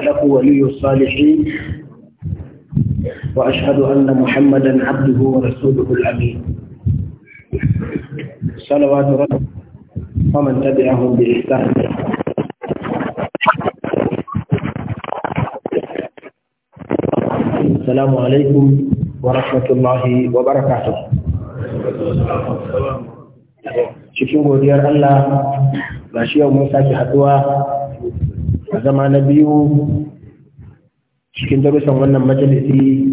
له ولي الصالحين وأشهد أن محمدا عبده ورسوله الأمين صلوات ربه ومن تبعهم بإحسان السلام عليكم ورحمة الله وبركاته cikin godiyar Allah ga shi yau mun sake haduwa a zama na biyu cikin darussan wannan majalisi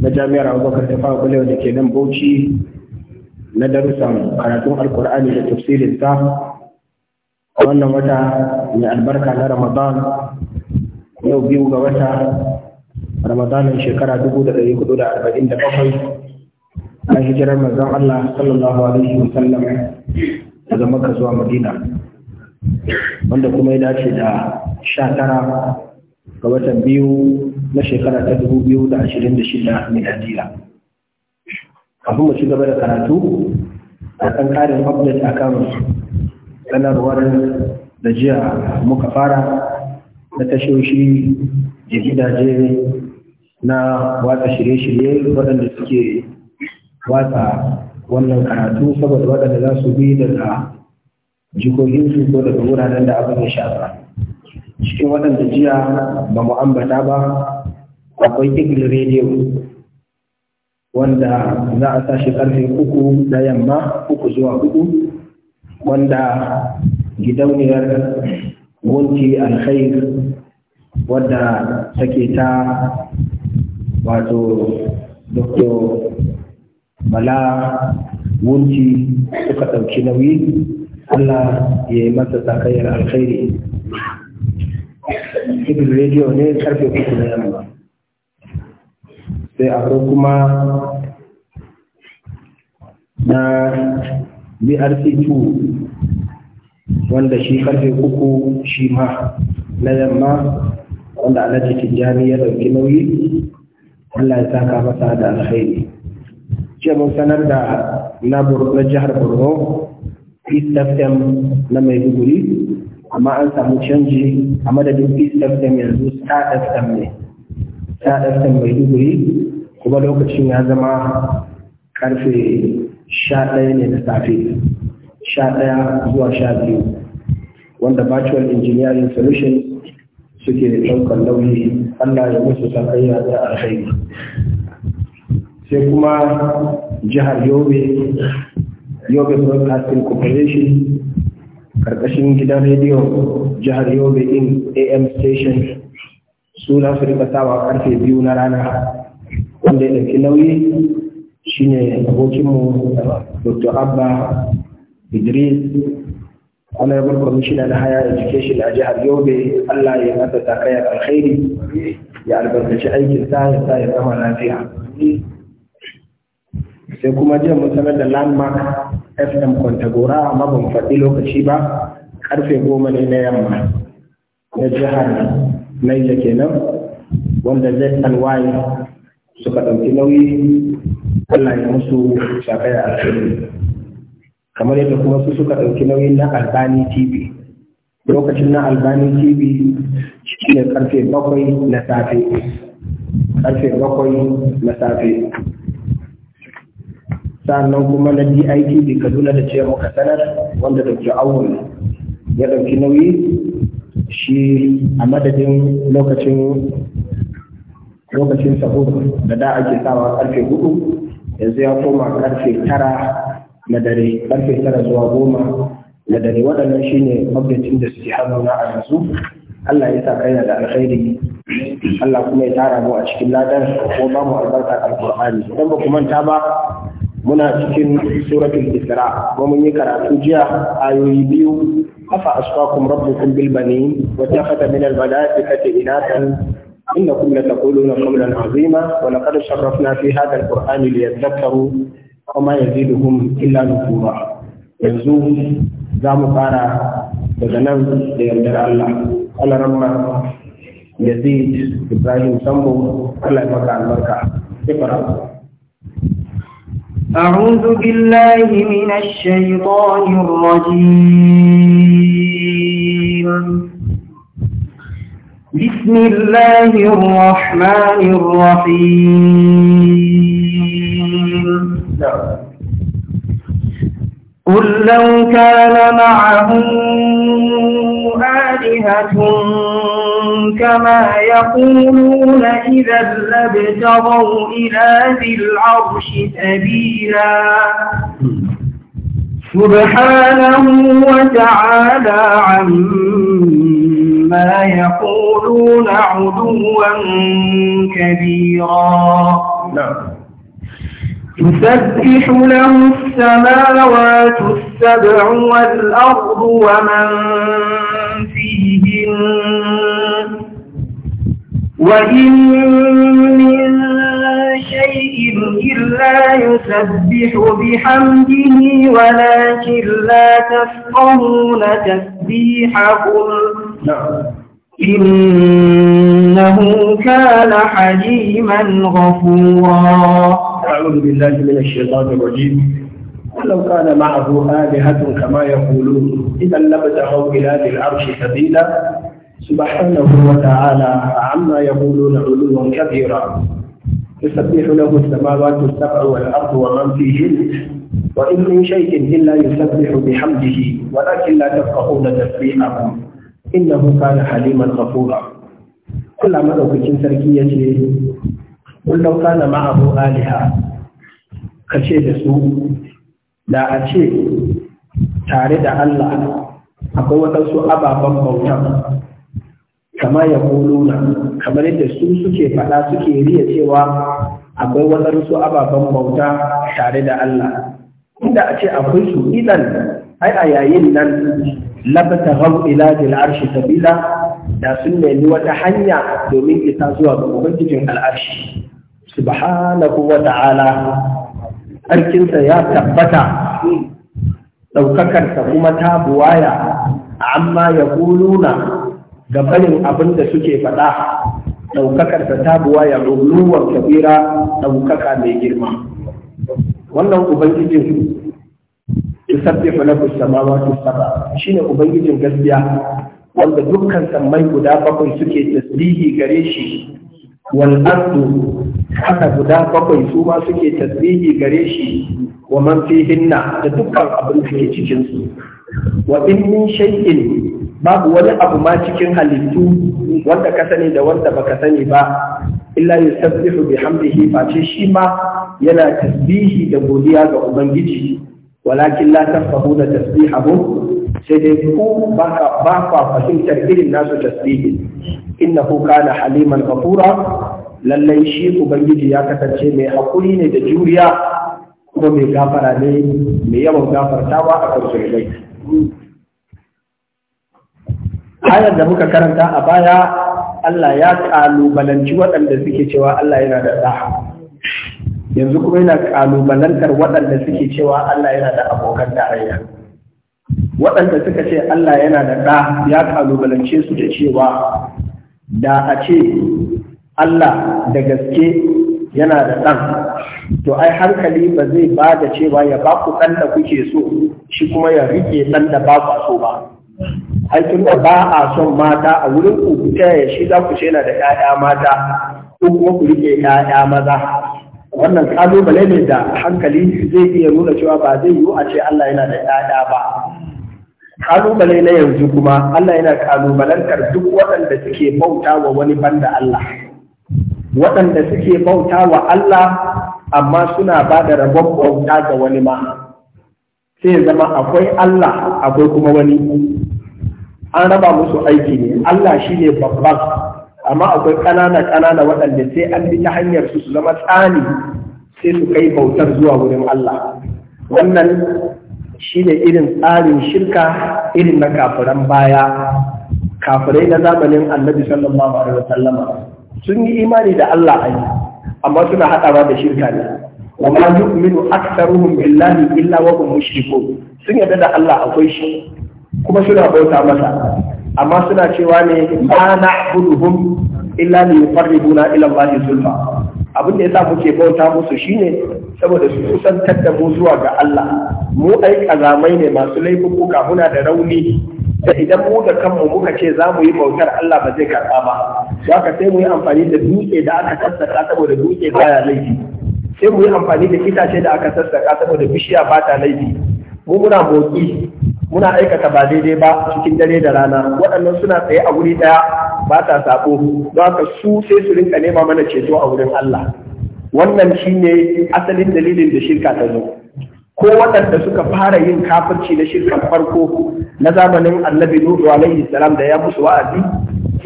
na jami'ar abubakar ta fara kulewa da ke nan bauchi na darussan karatun alkur'ani da tafsirinsa a wannan wata mai albarka na ramadan yau biyu ga wata ramadanin shekara 1447 an hijirar manzon allah sallallahu alaihi wasallam daga makka zuwa madina wanda kuma ya dace da sha tara ga watan biyu na shekara ta dubu biyu da ashirin da shida miladiya kafin mu ci gaba da karatu a ɗan ƙarin update a kan sanarwar da jiya muka fara na tashoshi da gidaje na watsa shirye-shirye waɗanda suke watsa wannan karatu saboda waɗanda za su bi daga jikokinsu ko daga wuraren da abin ya shafa cikin waɗanda jiya ba mu ambata ba akwai igil rediyo wanda za a tashi karfe uku na yamma uku zuwa uku wanda gidauniyar gunti alkhair wadda take ta wato dr bala wunti suka ɗauki nauyi Allah ya yi masa tsakayar alkhairi Ibn Radio ne karfe uku na yamma sai akwai kuma na BRC2 wanda shi karfe uku shi ma na yamma wanda alhaji tijjani ya ɗauki nauyi Allah ya saka masa da alkhairi ce mun sanar da na jihar borno pfm na maiduguri amma an samu canji a madadin M yanzu starfm ne starfm maiduguri kuma lokacin ya zama karfe sha ɗaya ne na safe sha ɗaya zuwa sha biyu wanda virtual engineering solutions suke da ɗaukar nauyi allah ya musu sakayya ta alhaini. sai kuma jihar yobe yobe broadcasting corporation karkashin gidan rediyo jihar yobe in am station suna su sawa karfe biyu na rana wanda ya ɗauki nauyi shine abokinmu dr abba idris honorable commissioner na haya education a jihar yobe allah ya masa takayar alkhairi ya albarkaci aikin sa ya sa ya zama lafiya sai kuma jiya mun sanar da landmark fm kwantagora amma ban faɗi lokaci ba karfe goma ne na yamma na jihar naija kenan wanda zny suka ɗauki nauyi allah ya musu shafaya a kamar yadda kuma su suka ɗauki nauyi na albani tv lokacin na albani tv shi ne karfe bakwai na safe karfe bakwai na safe sannan kuma na da Kaduna da ce muka sanar wanda da ke Awul ya ɗauki nauyi shi a madadin lokacin lokacin sahur da da ake sawa karfe hudu yanzu ya koma karfe tara na dare karfe tara zuwa goma na dare waɗannan shi ne mabdacin da suke hannuna a yanzu Allah ya sa kaina da alkhairi Allah kuma ya tara mu a cikin ladar ko ba mu albarkar alkur'ani idan ba ku manta ba muna cikin suratul isra kuma mun yi karatu jiya ayoyi biyu afa asqakum rabbukum bil banin wa takhata min al malaikati inatan innakum lataquluna qawlan azima wa laqad sharrafna fi hadha al qur'ani liyadhakkaru wa ma yaziduhum illa nufura yanzu za mu fara daga nan da yardar Allah Allah ramma Yazid Ibrahim Sambo Allah ya maka albarka. Ikra. أعوذ بالله من الشيطان الرجيم بسم الله الرحمن الرحيم قل لو كان معه آلهة كما يقولون إذا لابتغوا إلى ذي العرش سبيلا سبحانه وتعالى عما يقولون عدوا كبيرا تسبح نعم. له السماوات السبع والأرض ومن فيهن وإن من شيء إلا يسبح بحمده ولكن لا تفقهون تسبيحكم نعم. إنه كان حليما غفورا أعوذ بالله من الشيطان الرجيم ولو كان معه آلهة كما يقولون إذا لابتغوا إلى ذي العرش سبيلا سبحانه وتعالى عما يقولون علوا كبيرا يسبح له السماوات السبع والأرض ومن فيهن وإن من شيء إلا يسبح بحمده ولكن لا تفقهون تسبيحه إنه كان حليما غفورا كل ما لو كنت سركية قل لو كان معه آلهة كشيء سوء لا أشيء تارد الله أقوى تسوء أبا بمبوتا kama ya kuluna kamar yadda su suke faɗa suke riya cewa akwai waɗansu ababen bauta tare da Allah inda a ce akwai su idan ai a yayin nan labata hau ila jil arshi sabila da sun nemi wata hanya domin isa zuwa ga ubangijin al'arshi subhanahu wa ta'ala arkinsa ya tabbata ɗaukakarsa kuma ta buwaya amma ya kuluna ga barin abin da suke faɗa ɗaukakar ta tabuwa ya ruluwar kabira ɗaukaka mai girma wannan ubangijin tusabbihu samawa samawati sab'a shine ubangijin gaskiya wanda dukkan sammai guda bakwai suke tasbihi gare shi wal ardu haka guda bakwai su ma suke tasbihi gare shi wa man fihinna da dukkan abin da ke cikin su wa in min shay'in babu wani abu ma cikin halittu wanda ka sani da wanda baka sani ba illa yusabbihu bihamdihi face shi ma yana tasbihi da godiya ga ubangiji walakin la tafahuna tasbihahu sai dai ku ba ka fahimtar irin nasu tasbihi innahu kana haliman ghafura lallai shi ubangiji ya kasance mai hakuri ne da juriya kuma mai gafara ne mai yawan gafartawa a kan ayar da muka karanta a baya Allah ya kalubalanci waɗanda suke cewa Allah yana da raha yanzu kuma yana kalubalantar waɗanda suke cewa Allah yana da abokan tarayya waɗanda suka ce Allah yana da ɗa ya kalubalance su da cewa da a ce Allah da gaske yana da ɗan to ai hankali ba zai ba da cewa ya ba ku ɗan da kuke so shi kuma ya riƙe ɗan da ba ku so ba aikin da ba a son mata a wurin ku ya taya shi za ku ce na da 'ya'ya mata ko kuma ku rike 'ya'ya maza wannan kalubale ne da hankali zai iya nuna cewa ba zai yiwu a ce Allah yana da 'ya'ya ba kalubale na yanzu kuma Allah yana kalubalantar duk waɗanda suke bauta wa wani banda Allah waɗanda suke bauta wa Allah amma suna ba da rabon bauta ga wani ma sai zama akwai Allah akwai kuma wani an raba musu aiki ne Allah shi ne babban amma akwai ƙanana ƙanana waɗanda sai an bi ta hanyar su su zama tsani sai su kai bautar zuwa wurin Allah wannan shi ne irin tsarin shirka irin na kafiran baya kafirai na zamanin annabi sallallahu alaihi wasallama sun yi imani da Allah ai amma suna haɗawa da shirka ne wa ma yu'minu aktsaruhum billahi illa wa hum mushrikun sun yarda da Allah akwai shi kuma suna bauta masa amma suna cewa ne ba na buduhun illa ne ilan ba ne zulfa abin da yasa muke bauta musu shine saboda su kusantar da mu zuwa ga Allah mu ai kazamai ne masu laifukuka muna da rauni da idan mu da kanmu muka ce za mu yi bautar Allah ba zai karba ba za ka sai mu yi amfani da dutse da aka sassaka saboda dutse baya laifi sai mu yi amfani da itace da aka sassaka saboda bishiya ba ta laifi mu muna boki. muna aikata ba daidai ba cikin dare da rana waɗannan suna tsaye a wuri ɗaya ba ta saƙo, ba ka su sai su rinka nema mana ceto a wurin Allah wannan shine asalin dalilin da shirka ta zo ko waɗanda suka fara yin kafirci na shirka farko na zamanin annabi nuhu alaihi salam da ya musu wa'azi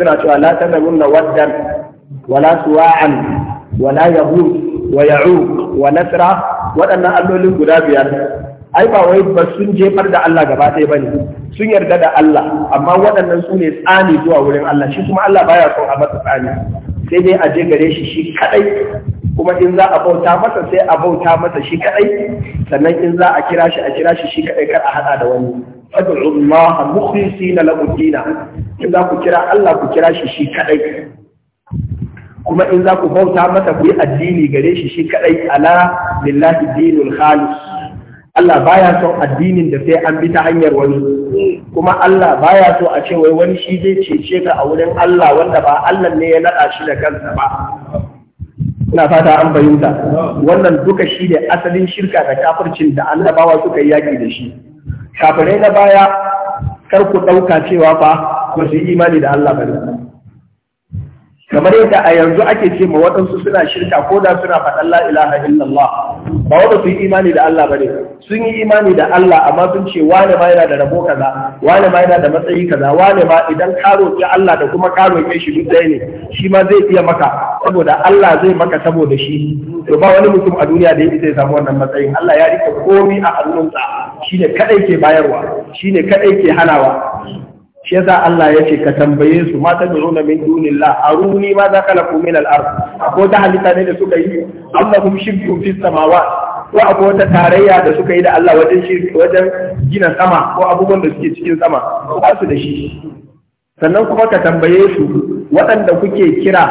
suna cewa la tazamunna waddan wala suwa'an wala yahud wa ya'uq wa nasra waɗannan allolin guda biyar ai ba wai ba sun jefar da Allah gaba ɗaya bane sun yarda da Allah amma waɗannan su ne tsani zuwa wurin Allah shi kuma Allah baya son a masa tsani sai dai a je gare shi shi kadai kuma in za a bauta masa sai a bauta masa shi kadai sannan in za a kira shi a kira shi shi kadai kar a hada da wani fadu Allah mukhlisina lahu dina in za ku kira Allah ku kira shi shi kadai kuma in za ku bauta masa ku yi addini gare shi shi kadai ala lillahi dinul khalis Allah baya son addinin da sai an bi ta hanyar wani kuma Allah baya so a ce wai wani shi zai cece ka a wurin Allah wanda ba Allah ne ya naɗa shi da kansa ba ina fata an fahimta wannan duka shi ne asalin shirka da kafircin da annabawa suka yi yaki da shi kafirai na baya kar ku ɗauka cewa fa ba yi imani da Allah ba ne kamar yadda a yanzu ake ce ma waɗansu suna shirka ko da suna faɗan la ilaha illallah ba wanda su yi imani da Allah bane sun yi imani da Allah amma sun ce wane ma yana da rabo kaza wane ma yana da matsayi kaza wane ma idan ka roƙi Allah da kuma ka roƙe shi duk ɗaya ne shi ma zai iya maka saboda Allah zai maka saboda shi to ba wani mutum a duniya da yake samu wannan matsayin Allah ya rike komai a hannunsa shine kadai ke bayarwa shine kadai ke hanawa shi yasa Allah ya ce ka tambaye su ma ta duruna min dunillah aruni ma za ka lafu min al-ard ko ta halitta ne da suka yi Allahum shirkum fi samawat ko akwai wata tarayya da suka yi da Allah wajen wajen gina sama ko abubuwan da suke cikin sama ko su da shi sannan kuma ka tambaye su waɗanda kuke kira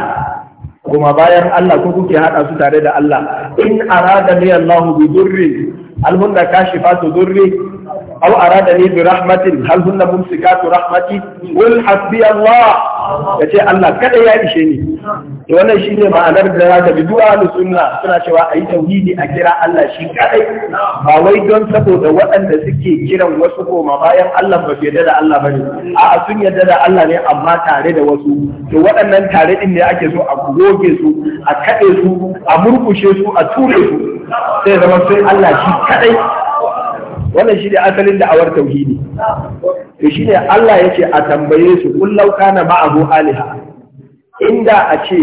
kuma bayan Allah ko kuke haɗa su tare da Allah in arada li Allah bi durri alhunna kashifatu durri aw aradani bi rahmatin hal hunna mumsikatu rahmati wal hasbi Allah yace Allah kada ya ishe ni to wannan shine ma'anar da ya tabi du'a da sunna suna cewa a yi tauhidi a kira Allah shi kadai ba wai don saboda waɗanda suke kiran wasu koma bayan Allah ba yarda da Allah bane a'a sun yarda da Allah ne amma tare da wasu to waɗannan tare din ne ake so a goge su a kaɗe su a murkushe su a ture su sai zama sai Allah shi kaɗai. wannan ne asalin da'awar tauhidi to ne Allah ce a tambaye su kun lauka na aliha inda a ce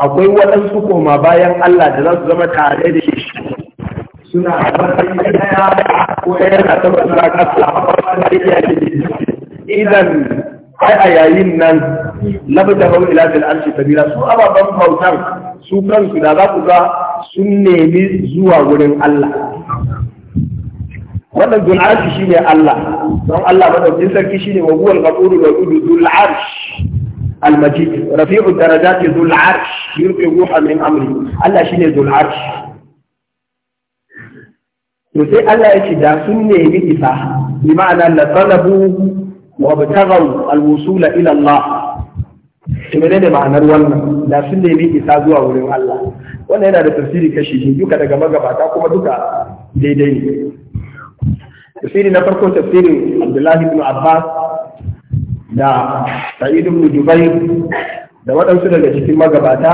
akwai waɗansu koma bayan Allah da za su zama tare da shi suna matsayin daya ko ɗaya na taɓa kasa a idan ai a yayin nan labda hau ila fil arshi kabira su ababen bautan su kansu da za ku ga sun nemi zuwa wurin Allah wannan dul shi ne Allah don Allah madaukin sarki shi shine wa huwal ghafurur rahim dul arsh المجيد رفيع الدرجات ذو العرش يلقي روحا من امره الله شيء ذو العرش sai Allah ya ce da sun nemi isa bi ma'ana la talabu wa btaghaw al-wusula ila Allah to menene ma'anar wannan da sun nemi isa zuwa wurin Allah wannan yana da tafsiri kashi biyu duka daga magabata kuma duka daidai ne tafsiri na farko tafsirin abdullahi ibn abbas da Sa'idu ibn jubair da waɗansu daga cikin magabata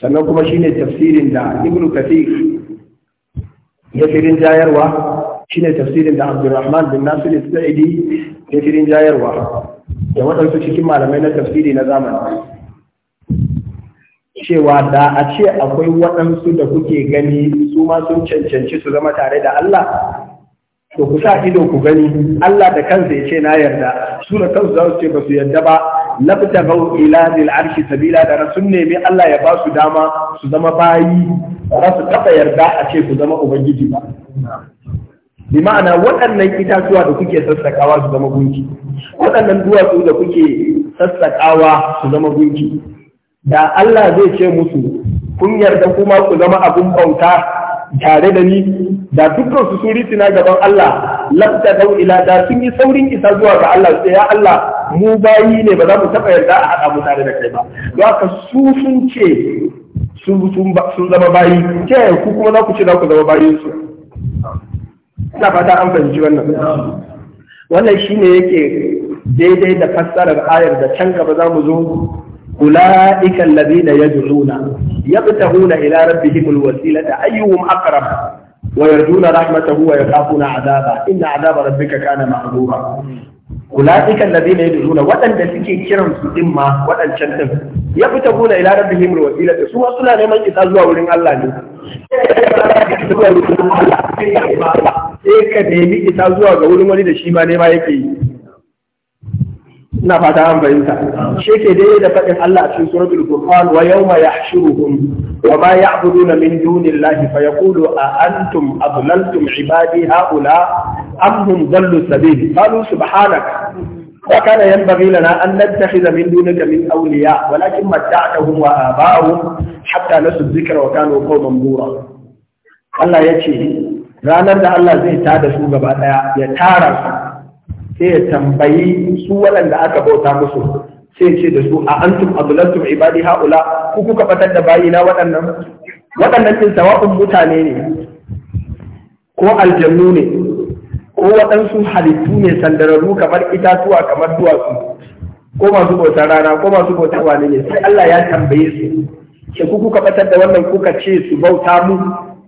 sannan kuma shine tafsirin da ibn kathir ya firin jayarwa shine tafsirin da abdurrahman bin Nasiru sa'idi ya firin jayarwa da waɗansu cikin malamai na tafsiri na zamani cewa da a ce akwai waɗansu da kuke gani su ma sun cancanci su zama tare da Allah to ku sa ido ku gani Allah da kansa ya ce na yarda su da kansu za su ce ba su yarda ba labtaghu ila dil arshi sabila da rasul nemi Allah ya ba su dama su zama bayi ba su taba yarda a ce ku zama ubangiji ba bi ma'ana waɗannan itatuwa da kuke sassakawa su zama gunki waɗannan duwatsu da kuke sassakawa su zama gunki da Allah zai ce musu kun yarda kuma ku zama abun bauta tare da ni da dukkan su suri na gaban Allah lafta dau ila da sun yi saurin isa zuwa ga Allah sai ya Allah mu bayi ne ba za mu taba yarda a haɗa mu tare da kai ba don haka su sun ce sun zama bayi ke ku kuma za ku ce za ku zama bayin su ina fata an fahimci wannan wannan shine yake daidai da fassarar ayar da can gaba za mu zo أولئك الذين يدعون يبتغون إلى ربهم الوسيلة أيهم أقرب ويرجون رحمته ويخافون عذابه إن عذاب ربك كان محظورا أولئك الذين يدعون وأن تسكي كرم سدما وأن شنتم يبتغون إلى ربهم الوسيلة سوى صلى لمن يتزوى ولن الله ني sai ka nemi ita zuwa ga wurin wani da shi ma nema yake yi ina fata an bayyana shi ke dai da faɗin Allah a cikin suratul furqan wa yawma yahshuruhum wa ma ya'buduna min dunillahi fa yaqulu a antum adlaltum ibadi haula am hum dallu sabil qalu subhanaka wa kana yanbaghi lana an nattakhidha min dunika min awliya walakin matta'tahum wa aba'ahum hatta nasu dhikra wa kanu qauman bura Allah yace ranar da Allah zai tada su gaba daya ya tara su sai ya tambayi su waɗanda aka bauta musu sai ce da su a antum abulatum ibadi haula ku kuka fatar da bayina waɗannan waɗannan din sawa'un mutane ne ko aljannu ne ko waɗansu halittu ne sandararru kamar itatuwa kamar duwatsu ko masu bautar rana ko masu bautar wani ne sai Allah ya tambaye su ce ku kuka fatar da wannan kuka ce su bauta mu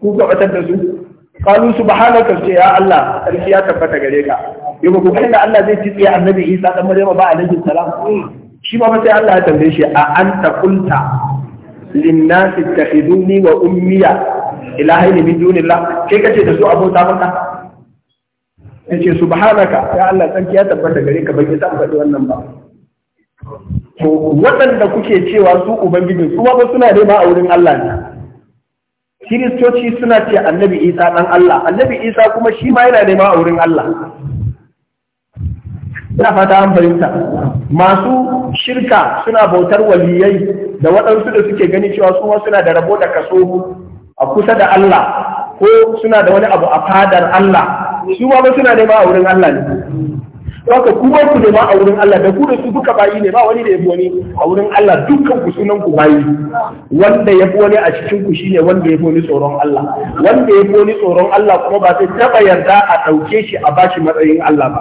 ku kuka fatar da su kalu subhanaka ce ya Allah sarki ya tabbata gare ka yau kokarin da Allah zai tsiye annabi Isa dan Maryam ba alaihi salam shi ba sai Allah ya tambaye shi a anta qulta linnasi nasi takhiduni wa ummiya ilahaini min dunillah kai kace da su abota maka yace subhanaka ya Allah sarki ya tabbata gare ka bai san faɗi wannan ba to waɗanda kuke cewa su ubangiji su ba suna ba a wurin Allah ne kiristoci suna ce annabi isa ɗan Allah annabi isa kuma shi ma yana ba a wurin Allah ina fata an fahimta masu shirka suna bautar waliyai da waɗansu da suke gani cewa su ma suna da rabo da kaso a kusa da Allah ko suna da wani abu a fadar Allah su ma suna nema a wurin Allah ne haka ku ba ku nema a wurin Allah da ku da su duka bayi ne ba wani da yabi wani a wurin Allah dukkan ku sunan ku bayi wanda yabi wani a cikin ku shine wanda yabi wani tsoron Allah wanda yabi wani tsoron Allah kuma ba sai taba yarda a dauke shi a bashi matsayin Allah ba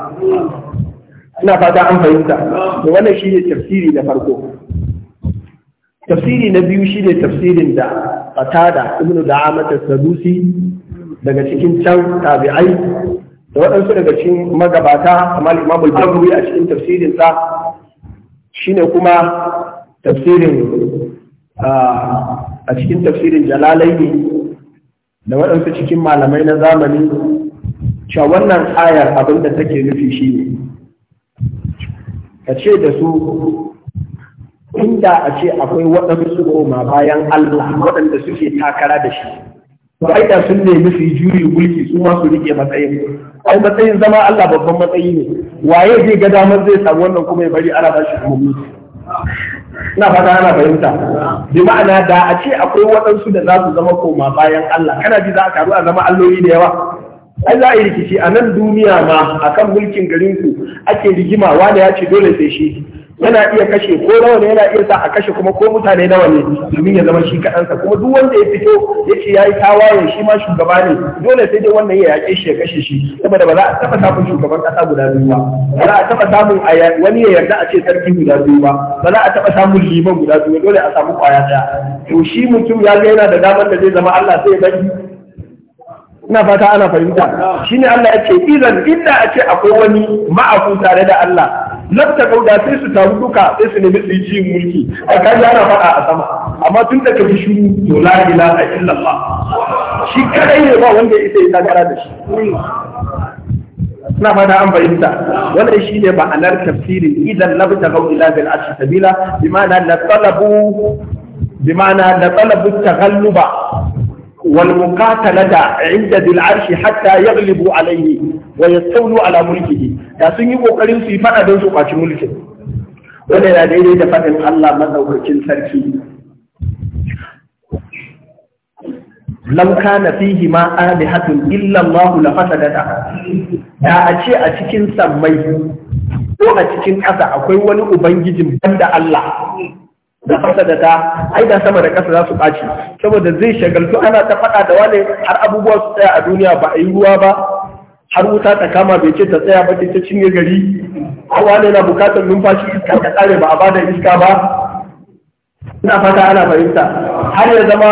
ina fata an fahimta Wannan shi ne tafsiri na farko tafsiri na biyu shi ne tafsirin da fatada ibn da'amat sadusi daga cikin can tabi'ai da waɗansu daga cikin magabata kamar imam al-bukhari a cikin tafsirin sa shine kuma tafsirin a cikin tafsirin jalalaini da waɗansu cikin malamai na zamani cewa wannan ayar abin da take nufi ne. ka ce da su inda a ce akwai waɗansu koma bayan Allah waɗanda suke takara da shi ba da sun nemi su yi juyi su ma su rike matsayin ai matsayin zama Allah babban matsayi ne waye zai ga damar zai samu wannan kuma ya bari ana ba shi mutu ina fata ana fahimta bi ma'ana da a ce akwai waɗansu da za su zama koma bayan Allah kana ji za a karu a zama alloli da yawa ai za a yi rikici a nan duniya ma akan mulkin garinku ake rigima wani ya ce dole sai shi yana iya kashe ko nawa ne yana iya sa a kashe kuma ko mutane nawa ne domin ya zama shi kaɗansa kuma duk wanda ya fito ya ce ya yi tawaye shi ma shugaba ne dole sai dai wannan ya yaƙe shi ya kashe shi saboda ba za a taɓa samun shugaban ƙasa guda biyu ba ba za a taɓa samun wani ya yarda a ce sarki guda biyu ba ba za a taɓa samun liman guda biyu dole a samu ƙwaya ɗaya to shi mutum ya ga yana da damar da zai zama Allah sai ya bari ina fata ana fahimta shine Allah ya ce idan inda a ce akwai wani ma'afu tare da Allah lafta gauda sai su taru duka sai su nemi su yi mulki a kaji ana faɗa a sama amma tun da ka fi shiru to la ilaha illallah shi kadai ne ba wanda ya isa ya da shi na fata an fahimta wannan shine ma'anar tafsirin idan lafta bi tagau ila bil arshi sabila bi ma'ana la talabu bi ma'ana la talabu taghalluba والمقاتلة عند ذي العرش حتى يغلبوا عليه ويستولوا على ملكه da sun yi kokarin su yi fada don su kwaci mulki? wanda yana daidai da faɗin Allah madaukakin sarki lam kana fihi ma alihatun illa Allah la fasadata da a ce a cikin sammai ko a cikin ƙasa akwai wani ubangijin banda Allah da ta, ai da sama da kasa za su ɓaci saboda zai shagaltu ana ta faɗa da wane har abubuwa su tsaya a duniya ba a yi ruwa ba har wuta ta kama bai ce ta tsaya ba ta cinye gari kowa ne na bukatar numfashi iska ta tsare ba a bada iska ba ina fata ana fahimta har ya zama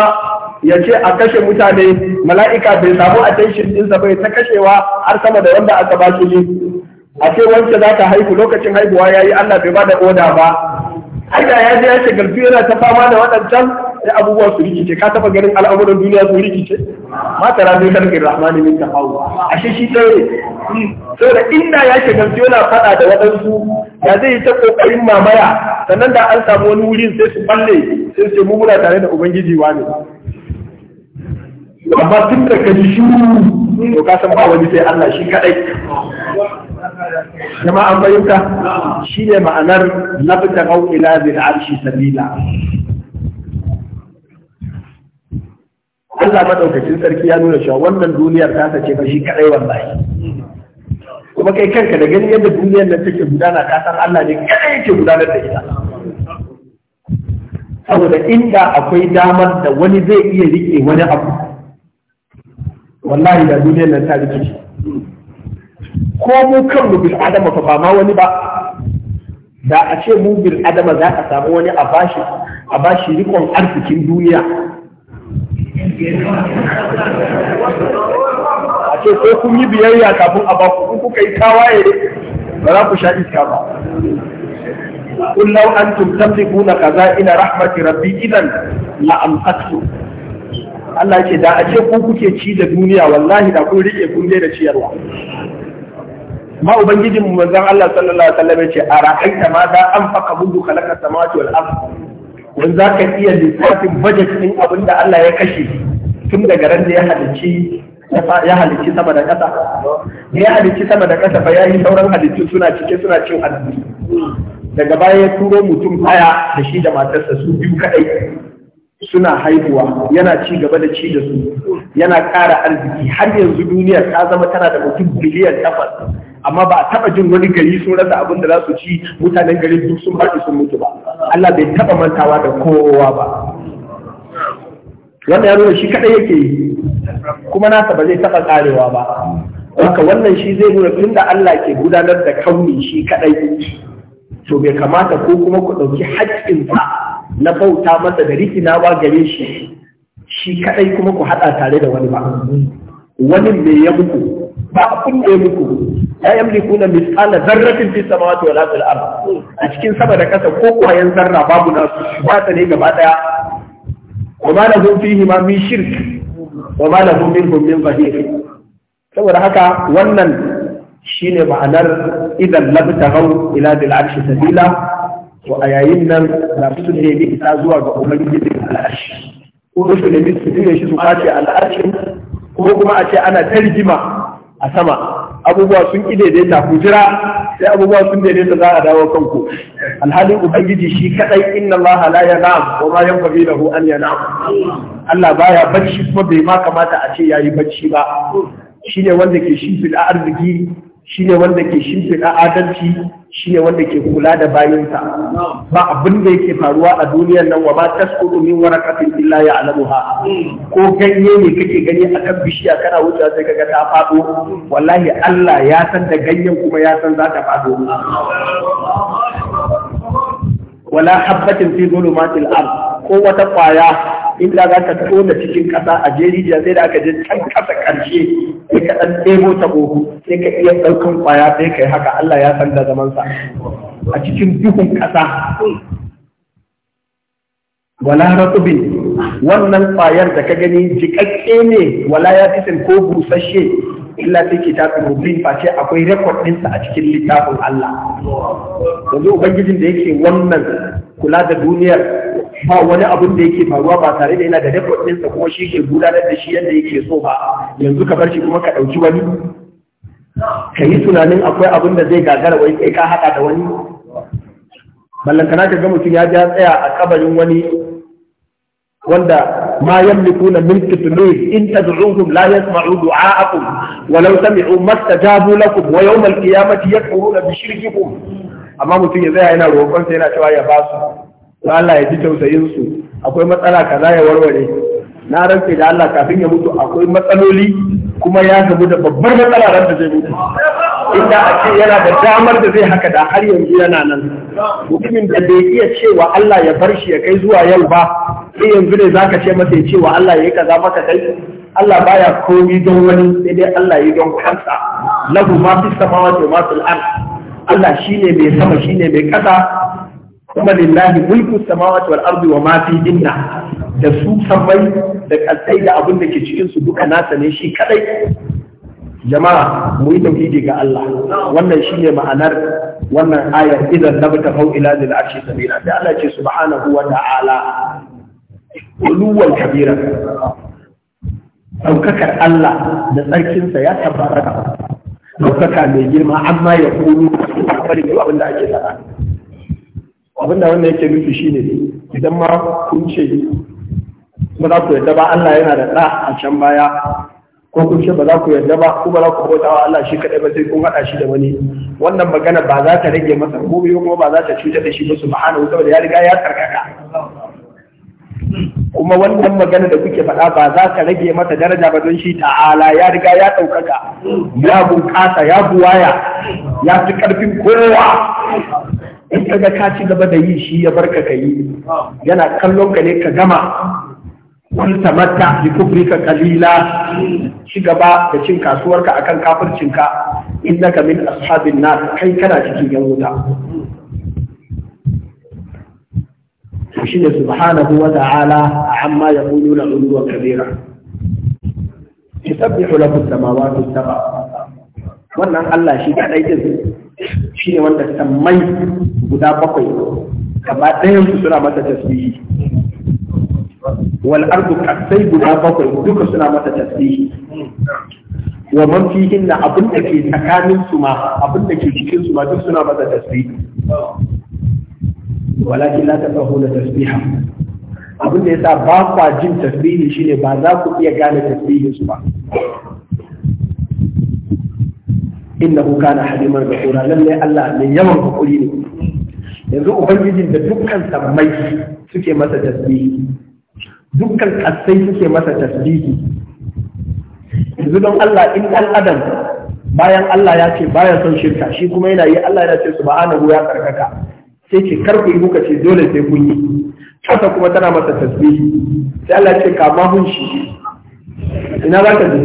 ya ce a kashe mutane mala'ika bai samu attention dinsa bai ta kashewa har sama da wanda aka ba shi ne. a ce wance za ta haihu lokacin haihuwa ya yi Allah bai bada da oda ba haka ya je ya garfi yana ta fama da waɗancan sai abubuwa su rikice ka taɓa ganin al'amuran duniya su rikice Mata ta rabin rahmani min ta hawa ashe shi So saboda inda ya garfi yana faɗa da waɗansu ya zai yi ta ƙoƙarin mamaya sannan da an samu wani wurin sai su balle sai su ce mu muna tare da ubangiji wa ne amma tun da ka ji shuru to ka san ba wani sai Allah shi kaɗai jama'a shi shine ma'anar labta qawila bil arshi sabila Allah madaukakin sarki ya nuna cewa wannan duniyar ta ce shi kadai wallahi kuma kai kanka da gani yadda duniyar nan take gudana ka san Allah ne kadai yake gudanar da ita saboda inda akwai damar da wani zai iya rike wani abu wallahi da duniyar nan ta rike ko mu kanmu bil adama fa ba ma wani ba da a ce mu bil adama za a samu wani a bashi a bashi rikon arzikin duniya a ce ko kun yi biyayya kafin a baku in kuka yi tawaye ba za ku sha iska ba قل لو أنتم تملكون خزائن رحمة ربي إذا لأمسكتم Allah ce da a ce ku kuke ci da duniya wallahi da kun rike kun da ciyarwa ma ubangijin mu manzon Allah sallallahu alaihi wasallam yace ara'aita ma da an faka mundu khalaqa samatu wal ard wanda zaka iya lissafin budget din abinda Allah ya kashe tun daga ran da ya halicci ya halicci sama da ƙasa ya halicci sama da ƙasa fa yayi sauran halittu suna cike suna cin arziki daga baya ya turo mutum haya da shi da matarsa su biyu kadai suna haihuwa yana ci gaba da ci da su yana ƙara arziki har yanzu duniya ta zama tana da mutum biliyan takwas amma ba a taba jin wani gari sun rasa abin da za su ci mutanen gari duk sun faɗi sun mutu ba Allah bai taba mantawa da kowa ba wannan ya nuna shi kadai yake yi kuma nasa ba zai taba karewa ba haka wannan shi zai nuna tunda Allah ke gudanar da kauni shi kadai to bai kamata ko kuma ku ɗauki sa na bauta masa da rikina ba gare shi shi kadai kuma ku haɗa tare da wani ba wani mai ya muku ba abin da ya muku la yamlikuna mithqala dharratin fi samawati wala fil ard a cikin sama da kasa ko kwayan zarra babu nasu ba ta ne gaba daya wa ma lahum fihi ma min shirk wa ma lahum minhum min zahir saboda haka wannan shine ma'anar idan labtaghaw ila dil arshi sabila to a yayin nan da su ne bi isa zuwa ga ubangijin al'arshi ko su ne bi su ne shi su kace al'arshin ko kuma a ce ana tarjima a sama abubuwa sun ki daidaita ku jira sai abubuwa sun daidaita za a dawo kanku alhalin ubangiji shi kadai inna allah la yanam wa ma yanbaghi lahu an yanam Allah baya bacci kuma bai ma kamata a ce yayi bacci ba shine wanda ke shi fil arziki Shi ne wanda ke shimfiɗa adalci Shi ne wanda ke kula da bayinsa ba abin da yake faruwa a duniyar nan wa ba su tasqutu min kafin illa ya ha? ko ganye ne kake gani a kan bishiya kana wucewa sai kaga ta faɗo wallahi Allah ya san da ganyen kuma ya san za ta faɗo wala habbatin fi zulumatil ard ko wata kwaya inda za ka tona cikin ƙasa a jerijiya sai da aka je can ƙasa ƙarshe sai ka ɗan ɗebo ta ƙoƙo, sai ka iya ɗaukan ƙwaya sai kai haka Allah ya san da zamansa a cikin duhun ƙasa wala ratubin wannan ƙwayar da ka gani jiƙaƙƙe ne wala ya fitin ko busasshe illa sai kitabin rubin face akwai rekod ɗinsa a cikin littafin Allah yanzu ubangijin da yake wannan kula da duniyar ba wani abun da yake faruwa ba tare da yana da record ɗinsa kuma shi ke gudanar da shi yadda yake so ba yanzu ka bar shi kuma ka ɗauki wani ka yi tunanin akwai abun da zai gagara wai kai ka haɗa da wani ballantana ka ga mutum ya ja tsaya a kabarin wani wanda ma yamlikuna min kitmir in tad'uhum la yasma'u du'a'akum wa law sami'u mastajabu lakum wa yawm al-qiyamati yakfuruna bi shirkikum amma mutum ya tsaya yana roƙon sai yana cewa ya basu to Allah ya ji tausayin su akwai matsala kaza ya warware na rantse da Allah kafin ya mutu akwai matsaloli kuma ya gabu da babbar matsala ran da zai mutu inda a ce yana da damar da zai haka da har yanzu yana nan mutumin da bai iya cewa Allah ya bar shi ya kai zuwa yau ba sai yanzu ne zaka ce masa ya cewa Allah ya yi kaza maka kai Allah baya komi don wani sai dai Allah yi don kansa lahu ma fi samawati wa ma fil ard Allah shine mai sama shine mai kasa kuma lillahi mulku samawati wal ardi wa ma fihinna da su sammai da kalsai da abin da ke cikin su duka nasa ne shi kadai jama'a mu yi tauhidi ga Allah wannan shine ma'anar wannan ayar idan na labta hau ila dil arshi sabila da Allah ce subhanahu wa ta'ala uluwan kabira daukakar Allah da tsarkinsa ya tabbata daukaka mai girma amma ya kunu a bari abin da ake sana'a abin da wannan yake nufi shine idan ma kun ce ba za ku yarda ba Allah yana da ɗa a can baya ko kun ce ba za ku yarda ba ko ba za ku bauta wa Allah shi kadai ba sai kun haɗa shi da wani wannan magana ba za ta rage masa ko biyo kuma ba za ta cutar da shi ba subhanahu saboda ya riga ya tsarkaka kuma wannan magana da kuke faɗa ba za ka rage masa daraja ba don shi ta'ala ya riga ya ɗaukaka ya bunƙasa ya buwaya ya fi ƙarfin kowa in ga ka ci gaba da yi shi ya barka ka yi yana kallon ka ne ka gama kun tamatta bi ka kalila ci gaba da cin kasuwarka akan kafircinka ka min ashabin nas, kai kana cikin yan wuta shi ne subhanahu wa ta'ala amma yaquluna uluwan kabira yusabbihu lahu samawati sab'a wannan Allah shi kadai din shi ne wanda sammai guda bakwai gaba ɗayan su suna masa tasbihi wal ardu kasai guda bakwai duka suna masa tasbihi wa man fihin na abin da ke tsakanin su ma abin da ke cikin su ma duk suna masa tasbihi walakin la tafahu la tasbiha abin da yasa ba kwa jin tasbihi shine ba za ku iya gane tasbihin su ba innahu kana da ghafura lalle Allah mai yawan hakuri ne yanzu ubangijin da dukkan sammai suke masa tasbihi dukkan kasai suke masa tasbihi yanzu don Allah in dan adam bayan Allah ya ce baya son shirka shi kuma yana yi Allah yana ce subhanahu ya karkaka sai ce kar ku yi kuka ce dole sai kun yi kasa kuma tana masa tasbihi sai Allah ya ce hun shi ina za ka je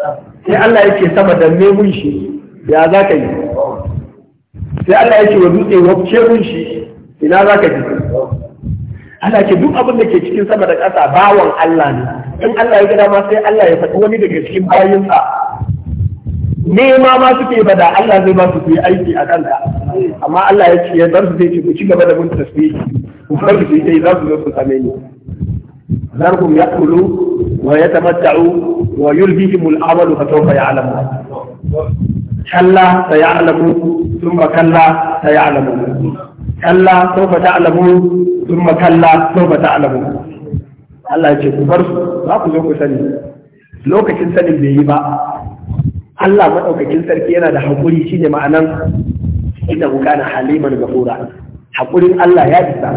sai Allah yake sama da me mun shi ya za ka yi sai Allah yake wa dutse wacce mun shi ina za ka ji Allah ke duk abin da ke cikin sama da ƙasa bawan Allah ne in Allah ya gida ma sai Allah ya faɗi wani daga cikin bayinsa nema ma suke ba da Allah zai ba su yi aiki a kanta amma Allah ya ce ya su zai ce ku ci gaba da mun tasbihi ku bar su yi za su zo su same ni zarhum yaqulu wa yatamatta'u wa yulhihimul amalu fa sawfa ya'lamun kalla sayalamu thumma kalla sayalamu kalla sawfa ta'lamun thumma kalla sawfa ta'lamun Allah ya ce ku bar su za ku zo ku sani lokacin sanin bai yi ba Allah maɗaukakin sarki yana da haƙuri shine ma'anan inda kuka na haliman gafura haƙurin Allah ya isa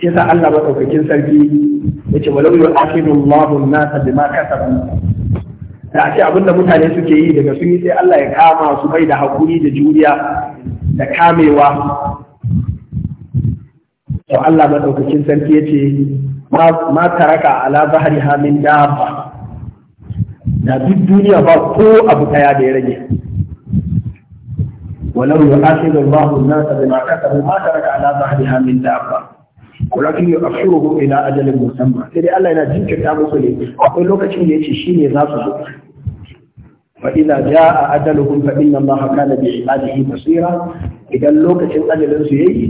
yasa Allah maɗaukakin sarki yace walau yu'akhidu Allahu an-nasa bima kasabu da ake abinda mutane suke yi daga sun yi sai Allah ya kama su bai da hakuri da juriya da kamewa to Allah madaukakin sarki yace ma taraka ala ha min dabba da duk duniya ba ko abu kaya da ya rage ولو يؤاخذ الله الناس بما كسبوا ما ترك على ظهرها من دابه walakin ya afshuruhu ila ajalin musamma sai dai Allah yana jinkirta musu ne akwai lokacin da yace shine za su zo fa idza jaa ajaluhum fa inna Allah kana da ibadihi basira idan lokacin ajalin su yayi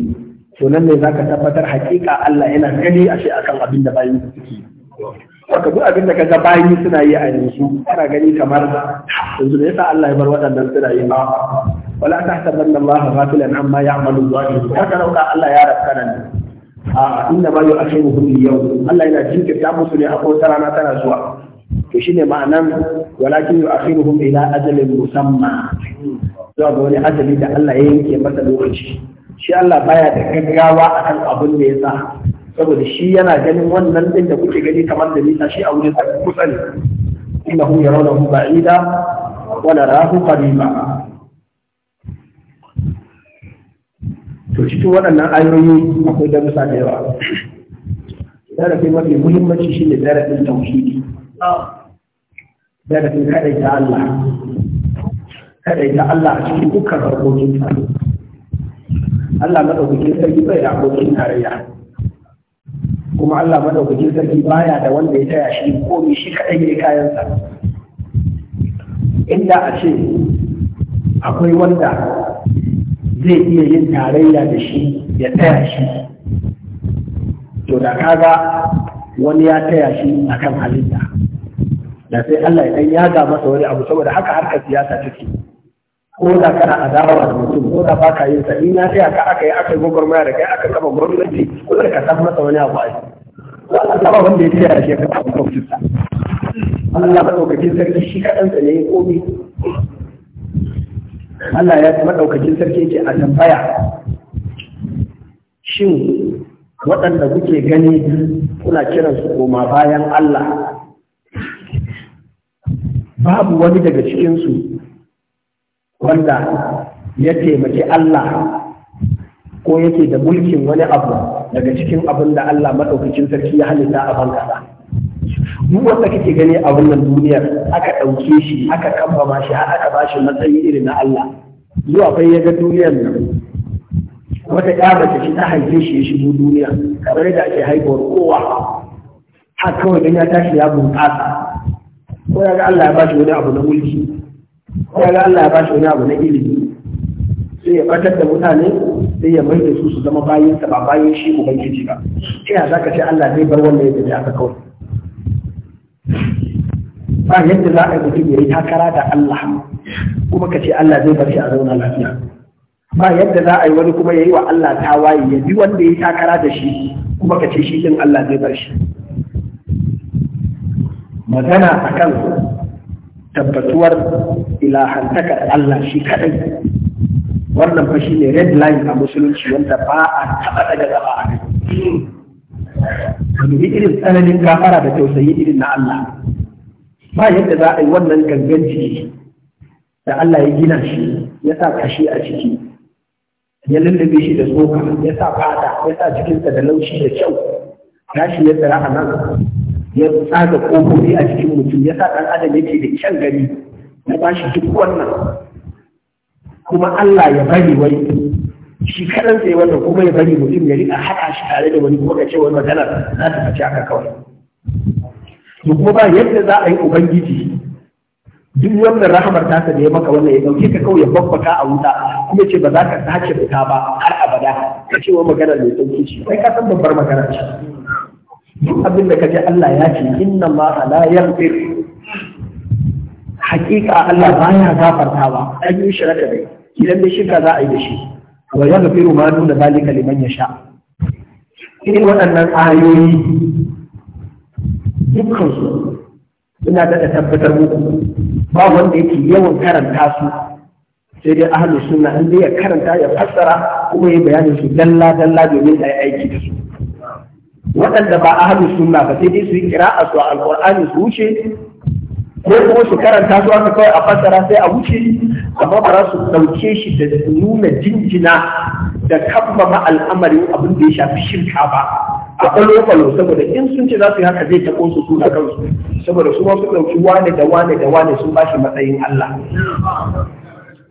to nan ne zaka tabbatar hakika Allah yana gani a shi akan abin da bayin su suke Waka duk abin ka ga bayi suna yi a yanzu kana gani kamar yanzu da yasa Allah ya bar waɗannan suna yi ba wala tahtabanna Allah ghafilan amma ya'malu zalimun haka rauka Allah ya na ne a inda ma yau ashirin hudu yau Allah yana jinkirta musu ne a kowace rana tana zuwa to shine ma'anan walakin yau akhiruhum ila ajalin musamma zuwa ga wani ajali da Allah ya yanke masa lokaci shi Allah baya da gaggawa akan abin da ya sa saboda shi yana ganin wannan din da kuke gani kamar da nisa shi a wurin sa kusa ne innahu yarawnahu ba'ida wa narahu qariba to cikin waɗannan ayoyi akwai darussa da yawa Darafin mafi muhimmanci shi ne darafin tauhidi Darafin kaɗaita Allah kaɗaita Allah a cikin dukkan harkokin sa Allah madaukakin sarki bai da abokin tarayya kuma Allah madaukakin sarki baya da wanda ya taya shi komai shi kaɗai ne kayansa inda a ce akwai wanda zai iya yin tarayya da shi ya taya shi to da kaga wani ya taya shi akan halitta da sai Allah ya ɗan yaga masa wani abu saboda haka harkar siyasa take ko da kana adawa da mutum ko da baka yin sa in ya taya ka aka yi aka yi gwagwarmaya da kai aka kafa gwamnati ko da ka san masa wani abu a yi wanda ya taya shi ya kafa kwamfuta Allah madaukakin sarki shi kaɗan sa ne ya komi Allah ya maɗaukacin sarki yake a tambaya shin waɗanda kuke gani kuna kiransu koma bayan Allah babu wani daga cikinsu wanda ya taimaki Allah ko yake da mulkin wani abu daga cikin abin da Allah maɗaukacin sarki ya halitta a ban duk wanda kake gani a wannan duniyar aka ɗauke shi aka kambama shi har aka bashi matsayi irin na Allah zuwa bai ya ga duniyar nan wata ya mace shi ta haife shi ya shigo duniya kamar da ake haifuwar kowa har kawai dan ya tashi ya bunƙasa ko ya ga Allah ya bashi wani abu na mulki ko ya ga Allah ya bashi wani abu na ilimi sai ya fatar da mutane sai ya mai da su su zama bayin ba bayin shi ubangiji ba ta za ka ce Allah zai bar wanda ya tafi aka kawai ba yadda za a yi mutum ya takara da Allah kuma ka ce Allah zai bar shi a zauna lafiya ba yadda za a yi wani kuma ya yi wa Allah tawaye ya bi wanda ya takara da shi kuma ka ce shi din Allah zai bar shi magana akan kan tabbatuwar ilahantakar Allah shi kadai wannan fa ne red line a musulunci wanda ba a taɓa daga gaba a kai. Ka dubi irin tsananin gafara da tausayi irin na Allah. ba yadda za a yi wannan ganganci da Allah ya gina shi ya sa kashi a ciki ya lullube shi da tsoka ya sa fata ya sa cikinsa da laushi da kyau shi ya tsira a nan ya tsaga kofofi a cikin mutum ya sa ɗan adam yake da kyan gani ya ba shi duk wannan kuma Allah ya bari wani shi kaɗan sai wannan kuma ya bari mutum ya riƙa haɗa shi tare da wani kuma ka ce wani magana za ta fice haka kawai to kuma ba yadda za a yi ubangiji duk wannan rahamar ta da ya maka wannan ya dauke ka kawai babbaka a wuta kuma ce ba za ka sace fita ba har abada ka ce wa magana mai sauki ce sai ka san babbar magana ce duk abin da ka ji Allah ya ce inna ma la yaghfir hakika Allah baya gafartawa an yi shirka da idan da shirka za a yi da shi wa yaghfiru ma duna zalika liman yasha irin waɗannan ayoyi Dukkansu ina da tabbatar muku ba wanda yake yawan karanta su sai dai ahlus sunna an dai ya karanta ya fassara kuma ya bayanin su dalla dalla domin a yi aiki da su waɗanda ba ahlus sunna ba sai dai su yi kira'a su alqur'ani su wuce ko kuma su karanta su aka kai a fassara sai a wuce amma ba za su ɗauke shi da nuna jinjina da kammama al'amarin abin da ya shafi shirka ba a kwallo kwallo saboda in sun ce za su yi haka zai ta su su da kansu saboda su wasu ɗauki wane da wane da wane sun ba shi matsayin Allah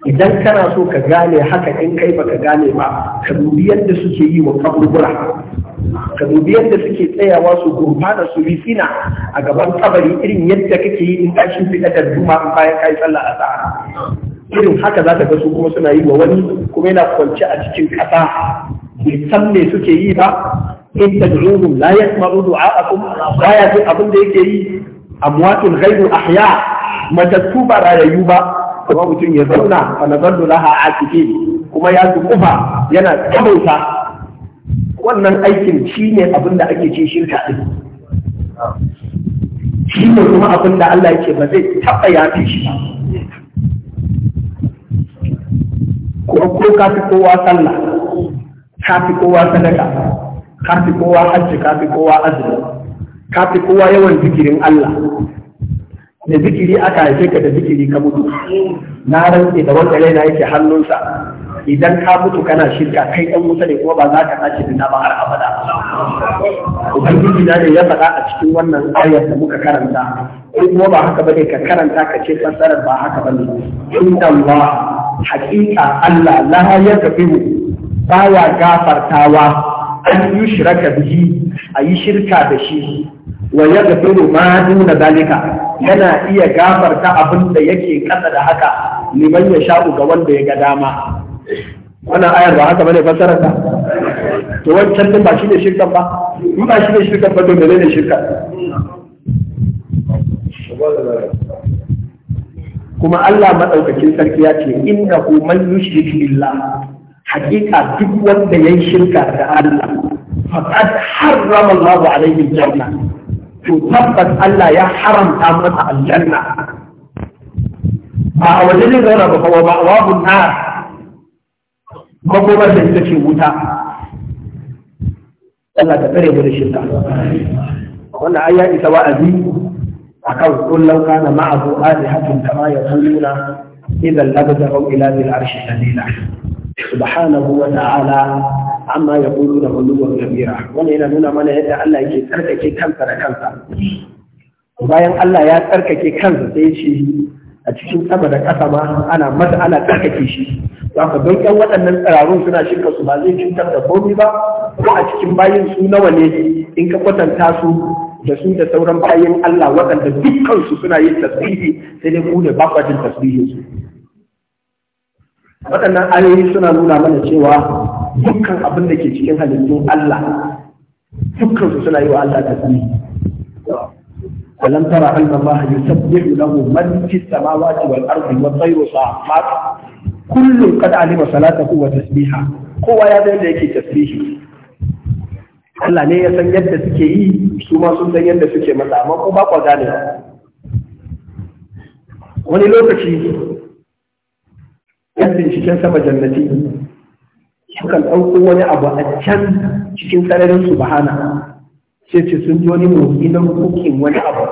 idan kana so ka gane haka in kai ba ka gane ba ka dubi yadda suke yi wa kaburbura ka dubi yadda suke tsayawa su gurfana su rifina a gaban kabari irin yadda kake yi in kashin fi ɗadar duma bayan kai sallah a tsara irin haka za ta ga su kuma suna yi wa wani kuma yana kwanci a cikin ƙasa bai san me suke yi ba in tad'uhum la yasma'u du'a'akum ya fi abin da yake yi amwatun ghayru ahya matattu ba rayu ba kuma mutum ya zauna fa nazallu laha akifi kuma ya kufa yana tsamauta wannan aikin shine abin da ake ce shirka din shi ne kuma abin da Allah yake ba zai taɓa fi shi kuma ko ka fi kowa sallah ka fi kowa sadaka kafi kowa hajji kafi kowa azumi kafi kowa yawan zikirin Allah da zikiri aka haife ka da zikiri ka mutu na rantse da wanda raina yake hannunsa idan ka mutu kana shirka kai dan musa ne kuma ba za ka tashi da ba har abada ubangiji na ne ya faɗa a cikin wannan ayar da muka karanta ko kuma ba haka bane ka karanta ka ce fassarar ba haka bane inda Allah haƙiƙa Allah la yaghfiru baya gafartawa an yi shiraka bihi a yi shirka da shi wa ya gafiru ma duna dalika yana iya gafarta abin da yake kasa da haka liman ya sha'u ga wanda ya ga dama wannan ayar ba haka bane fassarar ta to wancan din ba shi ne shirkan ba in ba shi ne shirkan ba to ne shirka, kuma Allah madaukakin sarki ya ce innahu man yushriku billah hakika duk wanda ya shirka da Allah فقد حرم الله عليه الجنة تثبت ألا يحرم حرم الجنة ما هو جلي غير بقوة مأواب النار مقوة جلسة وطا ألا تبري من الشيطان وانا أيا إتوا أذي أقول لو كان معه آلهة كما يقولون إذا لبدأوا إلى ذي العرش سبيلا subhanahu wa ta'ala amma ya kulu da huluwar kabira wanda yana nuna mana yadda Allah yake tsarkake kansa da kansa bayan Allah ya tsarkake kansa sai ce a cikin sama da ƙasa ma ana masa ana tsarkake shi Ba don ƴan waɗannan tsirarun suna shirka su ba zai cutar da komai ba ko a cikin bayin su nawa ne in ka kwatanta su da su da sauran bayan Allah waɗanda dukkansu suna yin tasbihi sai dai ku ne ba jin tasbihin su waɗannan ayoyi suna nuna mana cewa dukkan abin da ke cikin halittun Allah dukkan su suna yi wa Allah tasbih alam tara anna Allah yusabbihu lahu man fi samawati wal ardi wa tayru sa'at kullu qad alima salatahu wa tasbiha kowa ya san da yake tasbihi Allah ne ya san yadda suke yi su ma sun san yadda suke masa amma ko ba kwa gane wani lokaci yan cikin sama jannati sukan ɗauko wani abu a can cikin sararin subhana sai ce sun ji wani motsi na hukukin wani abu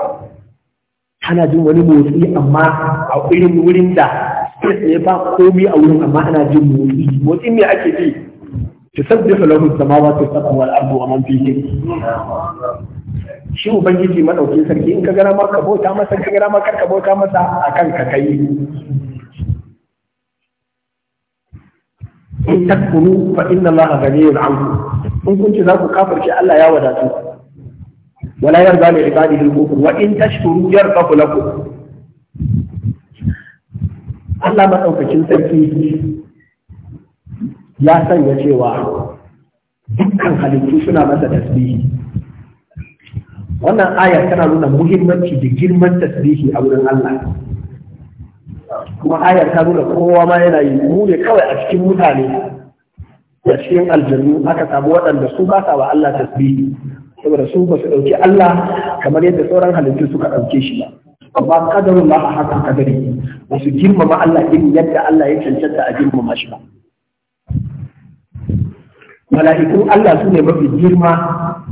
ana jin wani motsi amma a irin wurin da space ne ba komi a wurin amma ana jin motsi motsi me ake ji sabbi lahu samawati sab'u wal ardu wa man fihi shi ubangiji madaukin sarki in ka gara ma ka bauta masa ka gara ma ka bauta masa akan ka kai in takfuru fa inna Allah ghaniyyun anku in kunci za ku kafirce Allah ya wadatu wala yarda li ibadihi al-kufr wa in tashkuru yarfa'u lakum Allah madaukakin sarki ya sanya cewa dukkan halittu suna masa tasbihi wannan aya tana nuna muhimmanci da girman tasbihi a wurin Allah kuma ayar ta nuna kowa ma yana yi mu kawai a cikin mutane da cikin aljannu aka samu waɗanda su ba sa wa Allah tasbihi saboda su ba su ɗauki Allah kamar yadda sauran halittu suka ɗauke shi ba amma kadarin ba a haka kadari ba su girmama Allah irin yadda Allah ya cancanta a girmama shi ba mala'ikun Allah su ne mafi girma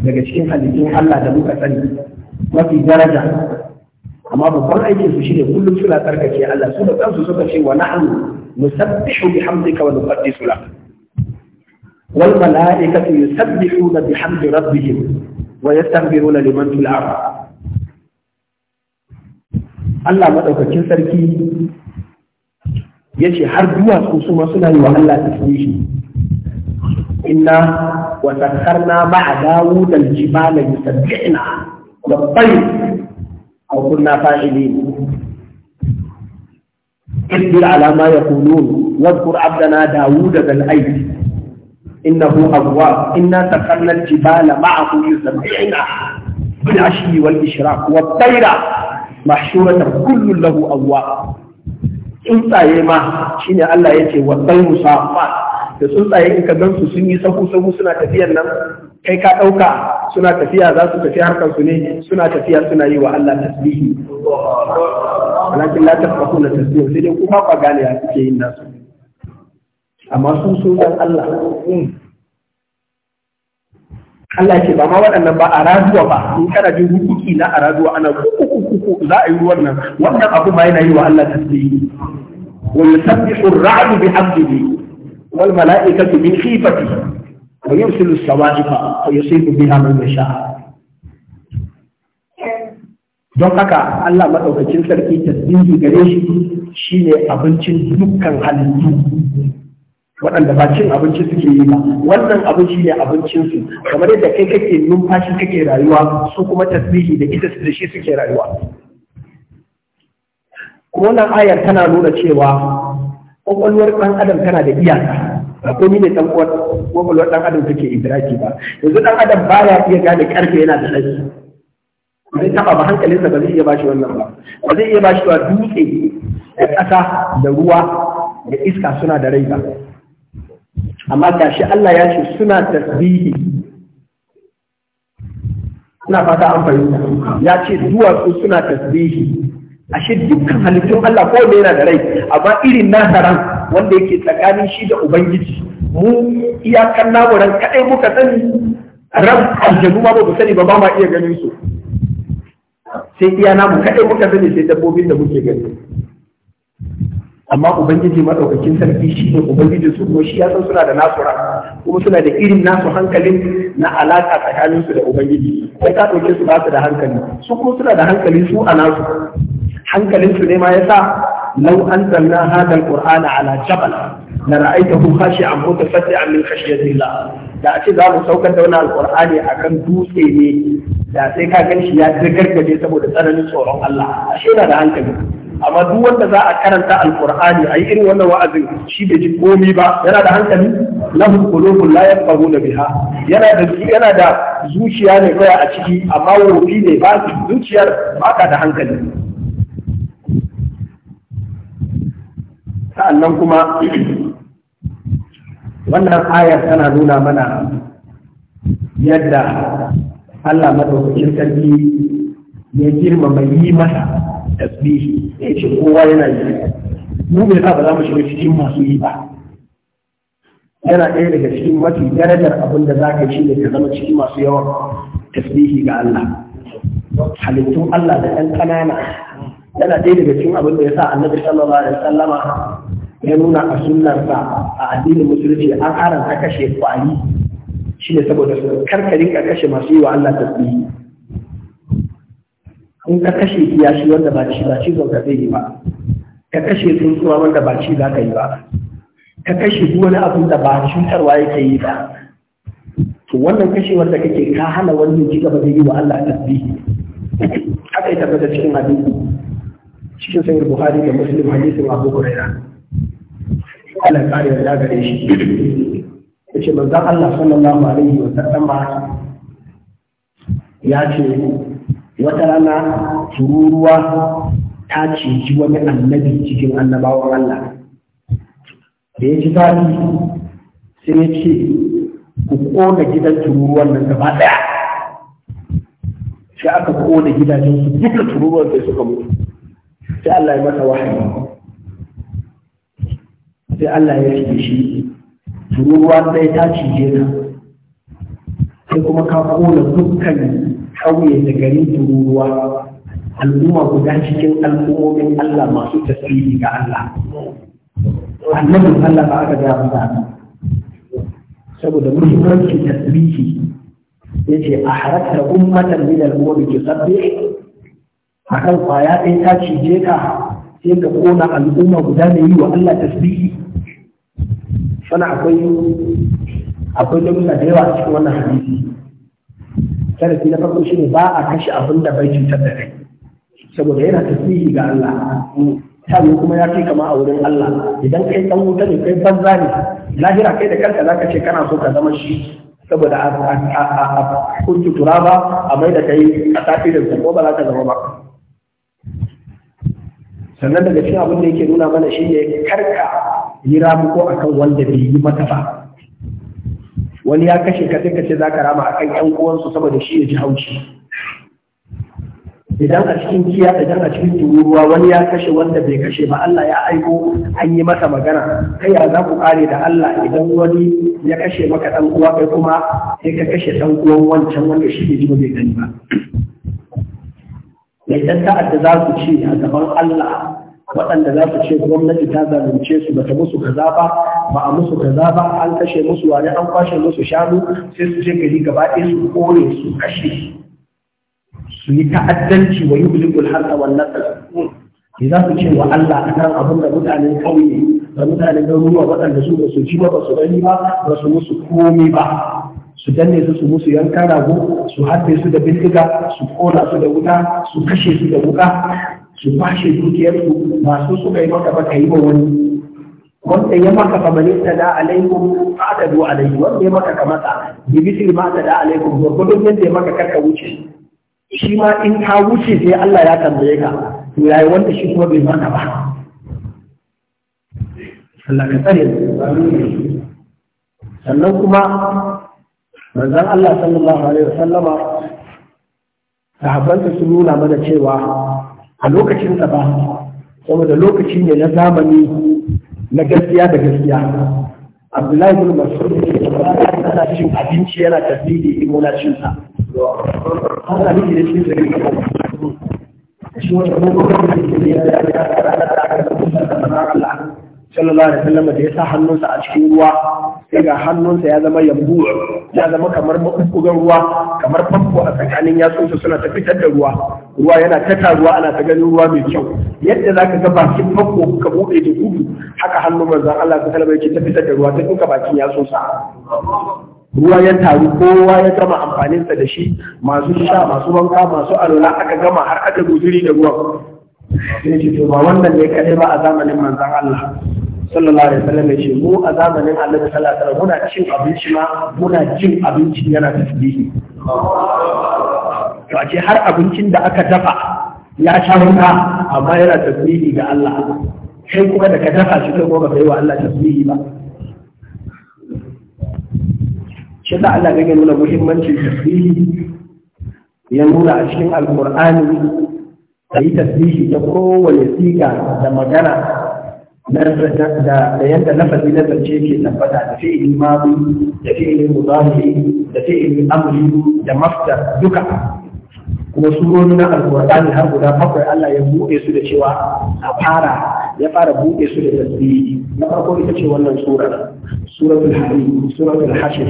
daga cikin halittun Allah da muka sani mafi daraja amma babban aikin su shine kullum suna tsarkake Allah su da kansu suka ce wa na'am nusabbihu bihamdika wa nuqaddisu lak wal malaikatu yusabbihuna bihamdi rabbihim wa yastaghfiruna liman fil ard Allah madaukakin sarki yace har duwatsu su ma suna yi wa Allah tasbihi inna wa sakkarna ma'a dawud al-jibala yusabbihna wa tayr كنا فاعلين اصبر على ما يقولون واذكر عبدنا داوود ذا الأيد إنه أبواب إنا سخرنا الجبال معه يسبحنا بالعشي والإشراق والطير محشورة كل له أبواب tsuntsaye ma shine Allah ya ce wa tsayu safa da tsuntsaye in ka سنة sun kai ka ɗauka suna tafiya za su tafi harkar su ne suna tafiya suna yi wa Allah tasbihi walakin la tafqahu na tasbihi sai dai kuma ba gane ya suke yin nasu amma su sun san Allah Allah ce ba ma waɗannan ba a raduwa ba in kana jin hukuki na a raduwa ana kuku za a yi ruwan nan wannan abu ma yana yi wa Allah tasbihi wa yusabbihu ar-ra'du bihamdihi wal mala'ikatu min khifatihi ويرسل الصواعق ويصيب بها من يشاء don haka Allah maɗaukacin sarki tasbihi gare shi shine abincin dukkan halittu waɗanda ba cin abinci suke yi ba wannan abin shi ne abincinsu kamar yadda kai kake numfashi kake rayuwa su kuma tasbihi da ita da shi suke rayuwa kuma wannan ayar tana nuna cewa ƙwaƙwalwar ɗan adam tana da iyaka ba komai ne dan uwar kwakwalwar dan adam take idraki ba yanzu dan adam baya iya gane karfe yana da rashi zai taba ba hankalinsa ba zai iya bashi wannan ba ba zai iya bashi wa dutse da ƙasa da ruwa da iska suna da rai ba amma shi Allah ya ce suna tasbihi ina fata an fahimta ya ce duwatsu suna tasbihi ashe dukkan halittun Allah ko da yana da rai amma irin nasa ran wanda yake tsakanin shi da ubangiji mu iyakan namu ran kadai muka sani ran aljanu ma ba sani ba ba ma iya ganin su sai iya namu kadai muka sani sai dabbobin da muke gani amma ubangiji madaukakin sarki shi ne ubangiji su kuma shi ya san suna da nasu ran kuma suna da irin nasu hankalin na alaka tsakanin su da ubangiji sai ka dauke su ba su da hankali su kuma suna da hankali su a nasu su ne ma ya sa lau an zanna hadal qur'ana ala jabal la ra'aytahu khashi'an mutasaddian min khashyatillah da a ce za mu saukar da wannan alqur'ani akan dutse ne da sai ka gan shi ya gargaje saboda tsananin tsoron Allah ashe yana da hankali amma duk wanda za a karanta alqur'ani ayi irin wannan wa'azin shi bai ji komi ba yana da hankali lahu qulubun la yafqahuna biha yana da yana da zuciya ne kawai a ciki amma wofi ne ba zuciyar ba ka da hankali sa'annan kuma wannan ayar tana nuna mana yadda Allah madaukakin sarki ya girmama yi masa da tasbihi ya ce kowa yana yi mu bai ba za mu shiga cikin masu yi ba yana ɗaya daga cikin mafi darajar abin da za ka shi da ka zama cikin masu yawan tasbihi ga Allah halittun Allah da ɗan ƙanana yana ɗaya daga cikin abin da ya sa annabi sallallahu alaihi wasallama ya nuna a sunnarsa a addinin musulunci an haranta kashe kwari shi ne saboda su karkarin ka kashe masu yi wa Allah tasbihi in ka kashe kiyashi wanda ba ci ba cizon zauka zai yi ba ka kashe tsuntsuwa wanda ba ci za ka yi ba ka kashe duk wani abin da ba cutarwa yake yi ba to wannan kashewar da kake ka hana wani ci gaba zai yi wa Allah tasbihi haka ita tabbatar cikin hadisi cikin sahih bukhari da muslim hadisin abu hurairah Allah kare ya daga da shi yace manzon Allah sallallahu alaihi wa sallam ya ce wata rana tururuwa ta ciji wani annabi cikin annabawan Allah da ya ci zafi sai ya ce ku kona gidan tururuwan nan gaba ɗaya. sai aka kona gidajen su duka tururuwan sai suka mutu sai Allah ya masa wahayi sai Allah ya rike shi ruwa sai ta cije ka sai kuma ka kona dukkan kauye da garin tururuwa al'umma guda cikin al'ummomin Allah masu tasiri ga Allah annabin Allah ba aka gaya masa saboda muhimmancin tasbihi yace a haratta ummatan min al'umma ummi ki sabbih akan kwaya ɗaya ta cije ka sai ka kona al'umma guda da yi wa Allah tasbihi wannan akwai akwai darussa da yawa a cikin wannan hadisi sharafi na farko shine ba a kashe abin da bai cutar da kai saboda yana tasiri ga Allah sabu kuma ya kai kama a wurin Allah idan kai dan wuta ne kai banza ne lahira kai da kanka zaka ce kana so ka zama shi saboda a kunci turaba a mai da kai a tafi da ko ba za ka zama ba sannan daga cikin abin da yake nuna mana shi ne karka yi ramuko a kan wanda bai yi mata ba wani ya kashe ka sai za ka rama a kan ‘yan uwansu saboda shi ya ji haushi idan a cikin kiya idan a cikin tururuwa wani ya kashe wanda bai kashe ba Allah ya aiko an yi masa magana kai ya za ku kare da Allah idan wani ya kashe maka dan uwa kai kuma sai ka kashe dan uwan wancan wanda shi bai ji ba bai gani ba yadda ta'adda za ku ce a gaban Allah waɗanda za su ce gwamnati ta zalunce su bata musu kaza ba ba a musu kaza ba an kashe musu wani an kwashe musu shanu sai su je gari gaba ɗaya su kore su kashe su yi ta'addanci wa yublikul harsa wal nasl ki za su ce wa Allah kan abin da mutanen kauye da mutanen garuruwa waɗanda su ba su ji ba ba su gani ba ba su musu komi ba su danne su su musu yankan rago su harbe su da bindiga su kona su da wuta su kashe su da wuka su kwashe dukiyarku masu suka yi maka baka yi wa wani wanda ya maka kamalin ta da alaikum adadu alaihi wanda ya maka kamata bibisil ma ta da alaikum gurgudun yadda ya maka karka wuce shi ma in ka wuce sai Allah ya tambaye ka to yayi wanda shi kuma bai maka ba Allah ka tsare sannan kuma manzon Allah sallallahu alaihi wasallama sahabbansa sun nuna mana cewa a lokacin da ba da lokaci ne na zamani na gaskiya da gaskiya abdullahi bin mas'ud ya cin abinci yana tasiri in na cin sa har da miki da cikin shi wata mutum da ke da ya ya da ya da ya ya ne ya da ya da ya da ya ya ya sallallahu alaihi wasallam da ya sa hannunsa a cikin ruwa sai ga hannunsa ya zama yambu ya zama kamar makugan ruwa kamar famfo a tsakanin yatsunsa suna ta fitar da ruwa ruwa yana ta taruwa ana ta ganin ruwa mai kyau yadda zaka ga bakin famfo ka bude da gudu haka hannun manzon Allah ta salama yake ta fitar da ruwa ta duka bakin yatsunsa ruwa ya taru kowa ya gama amfaninsa da shi masu sha masu wanka masu alola aka gama har aka guzuri da ruwan sai ce to ba wannan ne kaɗai ba a zamanin manzan Allah sallallahu alaihi wasallam ya ce mu a zamanin Annabi sallallahu alaihi wasallam muna cin abinci ma muna jin abinci yana tasbihi to a ce har abincin da aka dafa ya sha wuta amma yana tasbihi ga Allah kai kuma da ka dafa shi kai kuma bai wa Allah tasbihi ba shi da Allah ya nuna muhimmancin tasbihi ya nuna a cikin alqur'ani ka yi tasbihi ta kowane siga da magana da yadda lafazi na zance ke tabbata da fi'ili mazi da fi'ili muzahi da fi'ili amri da mafta duka kuma surori na alkur'ani har guda bakwai Allah ya buɗe su da cewa a fara ya fara buɗe su da tasbihi na farko ita ce wannan sura suratul halim suratul hashir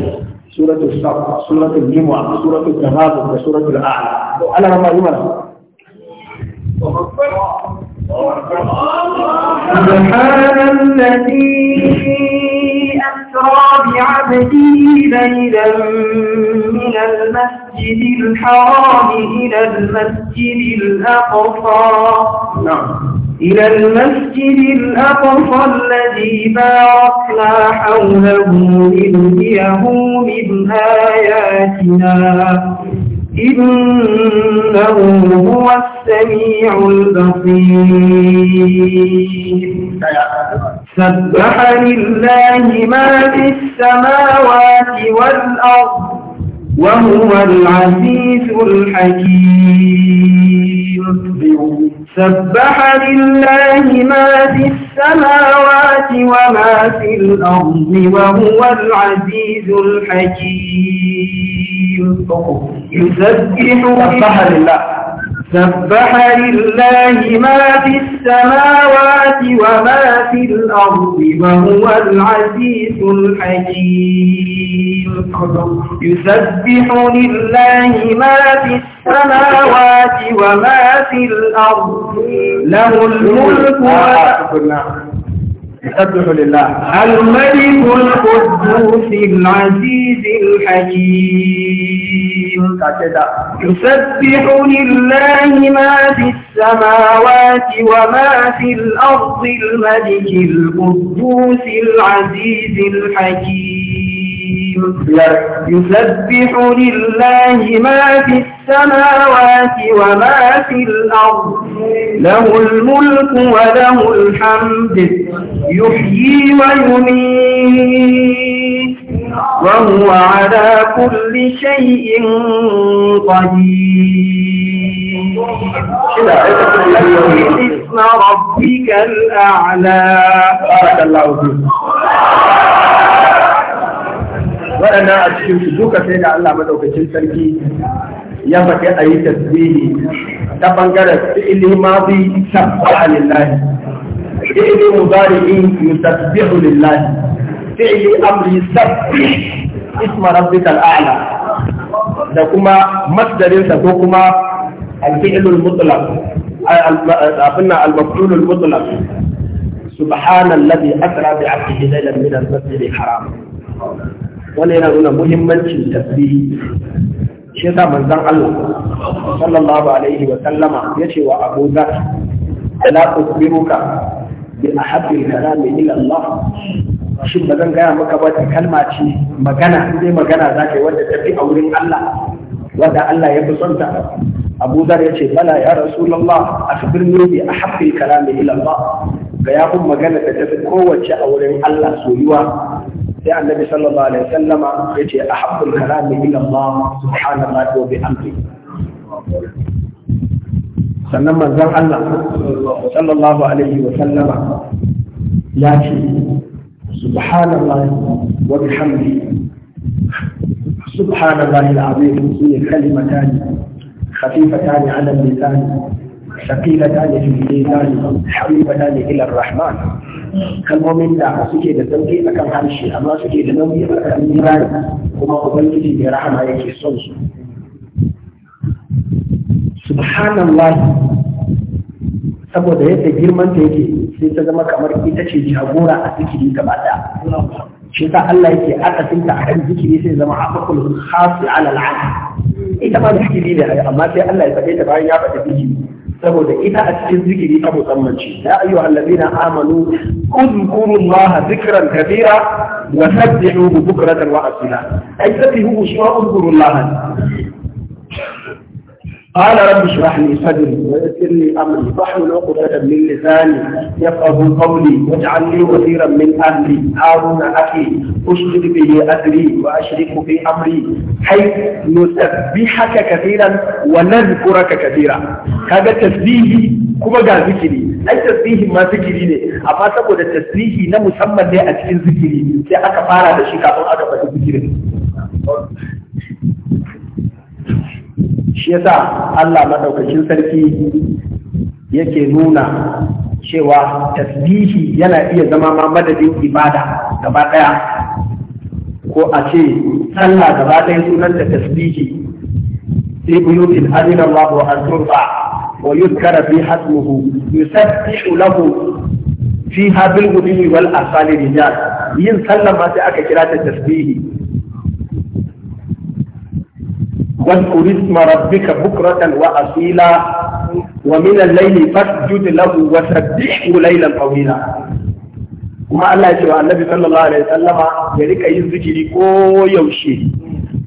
suratul saf suratul jumu'a suratul taghabun da suratul a'la to Allah ma yi mana سبحان الذي أسرى بعبده ليلا من المسجد الحرام إلى المسجد الأقصى نعم. إلى المسجد الأقصى الذي باركنا حوله لنريه من آياتنا إنه هو السميع البصير سبح لله ما في السماوات والأرض وهو العزيز الحكيم سبح لله ما في السماوات وما في الأرض وهو العزيز الحكيم يسبح سبح لله سبح لله ما في السماوات وما في الأرض وهو العزيز الحكيم يسبح لله ما في السماوات وما في الأرض له الملك آه، آه، آه، يسبح لله الملك القدوس العزيز الحكيم كتدا. يسبح لله ما في السماوات وما في الأرض الملك القدوس العزيز الحكيم يسبح لله ما في السماوات وما في الأرض له الملك وله الحمد يحيي ويميت وهو على كل شيء قدير اسم ربك الأعلى بارك الله فيك waɗannan a cikin su duka sai da Allah madaukakin sarki ya faɗi a yi tasbihi ta ɓangaren fi'ili mazi sabbaha lillahi fi'ili mudari'in yusabbihu lillahi fi'ili amri sabbi isma rabbikal a'la da kuma masdarinsa ko kuma al-fi'lul mutlaq abin al-maqtul al-mutlaq subhana alladhi asra bi 'abdihi laylan min al-masjid al-haram wannan yana nuna muhimmancin tasbihi shi yasa manzon Allah sallallahu alaihi wa sallama Ya ce wa Abu Dhar la tusbiruka bi ahabbi kalami ila Allah shin ba zan gaya maka ba ta kalma ce magana sai magana za ka yi wanda ta fi a wurin Allah wanda Allah ya fi son ta Abu Dhar ce bala ya Rasulullah akhbirni bi ahabbi kalami ila Allah ga ya kun magana da tafi kowace a wurin Allah soyuwa sai annabi sallallahu alaihi wasallama ya ce ahabbul kalami ila Allah subhanahu wa ta'ala sannan manzon Allah sallallahu alaihi wasallama ya ce subhanallah wa bihamdi subhanallahi alazim azim sune kalimatani خفيفتان على اللسان ta ne ثقيلتان ta ne الى rahman. kalmomin da suke da a kan harshe amma suke da nauyi a kan imani kuma ubangiji mai rahama yake son su subhanallah saboda yadda girman ta yake sai ta zama kamar ita ce jagora a zikiri gaba ɗaya shi sa Allah yake akasinta a kan zikiri sai zama afakul khasi ala al'ad ita ma zikiri ne amma sai Allah ya faɗe ta bayan ya faɗi zikiri saboda ita a cikin zikiri ta musammanci ya ayyu allazina amanu udhkuru allaha zikran kabira wa sabbihu bukratan wa asila ai sabbihu shu'a udhkuru allaha قال رب اشرح لي صدري ويسر لي امري واحلل عقدة من لساني يفقه قولي واجعل لي وزيرا من اهلي هارون اخي اشغل به اجري واشرك في امري حيث نسبحك كثيرا ونذكرك كثيرا هذا تسبيح كما قال ذكري اي تسبيح ما ذكري لي amma سبب التسبيح na musamman لي a ذكري zikiri sai aka fara da ذكري shi yasa Allah madaukakin sarki yake nuna cewa tasbihi yana iya zama ma madadin ibada gaba daya ko a ce sallah gaba daya sunan da tasbihi fi buyutin adina Allahu an turfa wa yuzkara fi hasmuhu yusabbihu lahu fiha bil wal asali rijal yin sallah ma sai aka kira ta tasbihi واذكر اسم ربك بكرة وأصيلا ومن الليل فاسجد له وسبحه ليلا طويلا وما الله يجب النبي صلى الله عليه وسلم يريك يزجري كو يوشي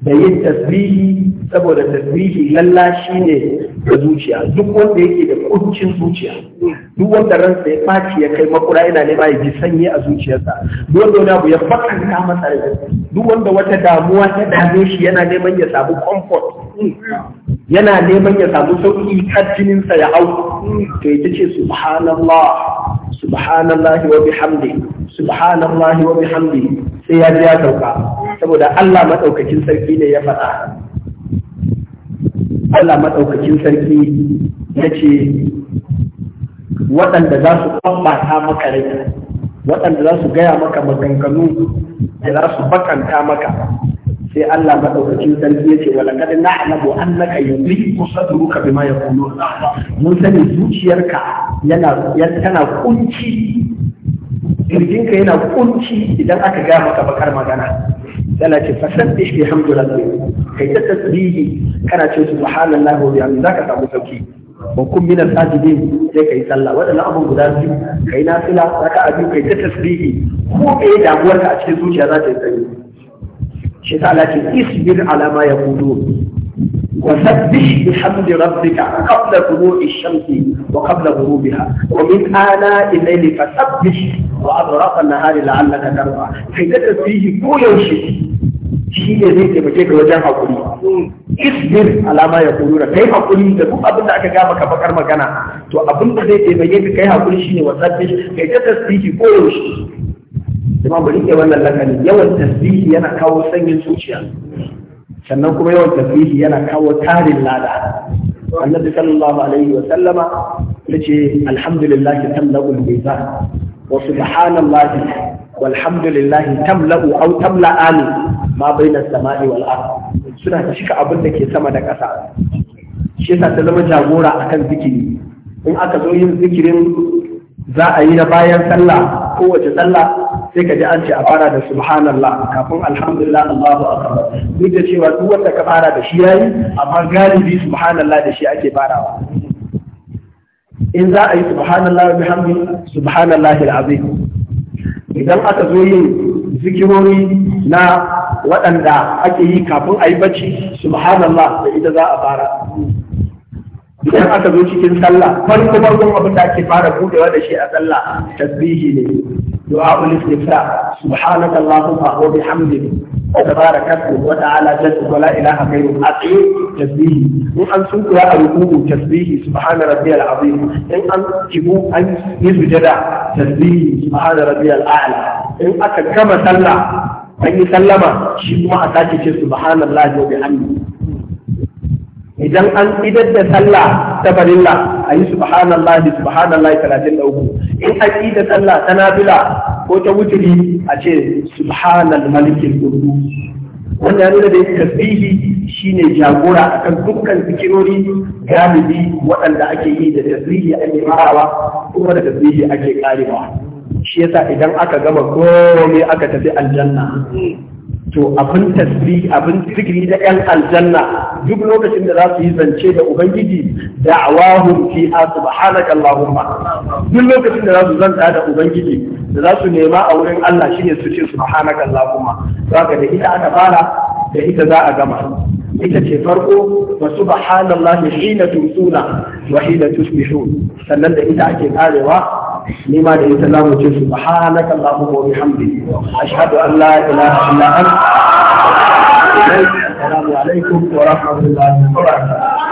da yin tasbihi saboda tasbihi lalla shi ne da zuciya duk wanda yake da kuncin zuciya duk wanda ransa ya faci ya kai makura yana nema ya ji sanyi a zuciyarsa duk wanda wani abu ya bakanta masa rai duk wanda wata damuwa ta dame shi yana neman ya samu comfort yana neman ya samu sauki kar jininsa ya hau to ya ce subhanallah subhanallah wa bihamdi subhanallahi wa bihamdihi sai ya ji ya sauka saboda Allah madaukakin sarki ne ya faɗa Allah madaukakin sarki ya ce waɗanda za su kwambata maka rai waɗanda za su gaya maka maganganu da za su bakanta maka sai Allah madaukakin sarki ya ce wala kad na'lamu annaka yudhiku sadruka bima yaqulun mun sani zuciyarka yana tana kunci kirjinka yana kunci idan aka ga maka bakar magana yana ce fasabbih bi hamdulillah kai ta tasbihi kana ce subhanallah wa bihamdihi zaka samu sauki wa kun min al-sajidin sai kai sallah wadannan abun guda biyu kai na nafila zaka abi kai ta tasbihi ko kai damuwar ka a cikin zuciya za ta yi tsayi shi ta Allah ce isbir ala ma yaqulun وسبح بحمد ربك قبل طلوع الشمس وقبل غروبها ومن آناء الليل فسبح wa adraka nahari la'allaka tarba kai ka tasbihi ko yaushe shi ne zai taimake ka wajen hakuri isbir alama ya kuru da kai hakuri da duk abin da aka ga maka bakar magana to abin da zai taimake ka kai hakuri shine wasabbih kai ka tasbihi ko yaushe kuma bari ke wannan lakani yawan tasbihi yana kawo sanyin zuciya sannan kuma yawan tasbihi yana kawo tarin lada annabi sallallahu alaihi wa sallama yace alhamdulillah tamla'ul mizan wa subhanallahi walhamdulillahi tamla'u aw tamla'ani ma baina samai wal ard suna cika abin da ke sama da ƙasa shi yasa ta zama jagora akan zikiri in aka zo yin zikirin za a yi na bayan sallah kowace sallah sai ka ji an ce a fara da subhanallah kafin alhamdulillah Allahu akbar duk da cewa duk wanda ka fara da shi yayi amma galibi subhanallah da shi ake farawa in za a yi subhanallah wa bihamdi subhanallah alazim idan aka zo yin zikirori na waɗanda ake yi kafin a yi bacci subhanallah da ita za a fara idan aka zo cikin sallah farko farkon abin da ake fara budewa da shi a sallah tasbihi ne دعاء الاستفتاء سبحانك اللهم وبحمدك وتبارك اسمك وتعالى جدك ولا اله غيرك اطيب تسبيه ان ان سنك يا ركوع تسبيه سبحان ربي العظيم ان ان كبو ان يسجد تسبيه سبحان ربي الاعلى ان اكا كما صلى ان يسلم شي ما اتاكي سبحان الله وبحمده idan an idar da sallah ta farilla a yi subhanallahi subhanallah, talatin da uku in an da sallah ta nafila ko ta wuturi a ce subhanal malikin kudu wanda nuna da tasbihi shine jagora akan dukkan zikirori galibi waɗanda ake yi da tasbihi ake farawa kuma da tasbihi ake karewa shi yasa idan aka gama komai aka tafi aljanna to abin tasbi abin zikiri da yan aljanna duk lokacin da za su yi zance da ubangiji da'awahum fi subhanaka allahumma duk lokacin da za su zanta da ubangiji da za su nema a wurin Allah shine su ce subhanaka allahumma zaka da ita aka fara da ita za a gama ita ce farko wa subhanallahi hina tumsuna wa hina tusbihun sannan da ita ake karewa ni ma da ita zamu ce subhanaka allahumma wa bihamdika ashhadu an la ilaha illa anta assalamu alaikum wa rahmatullahi wa barakatuh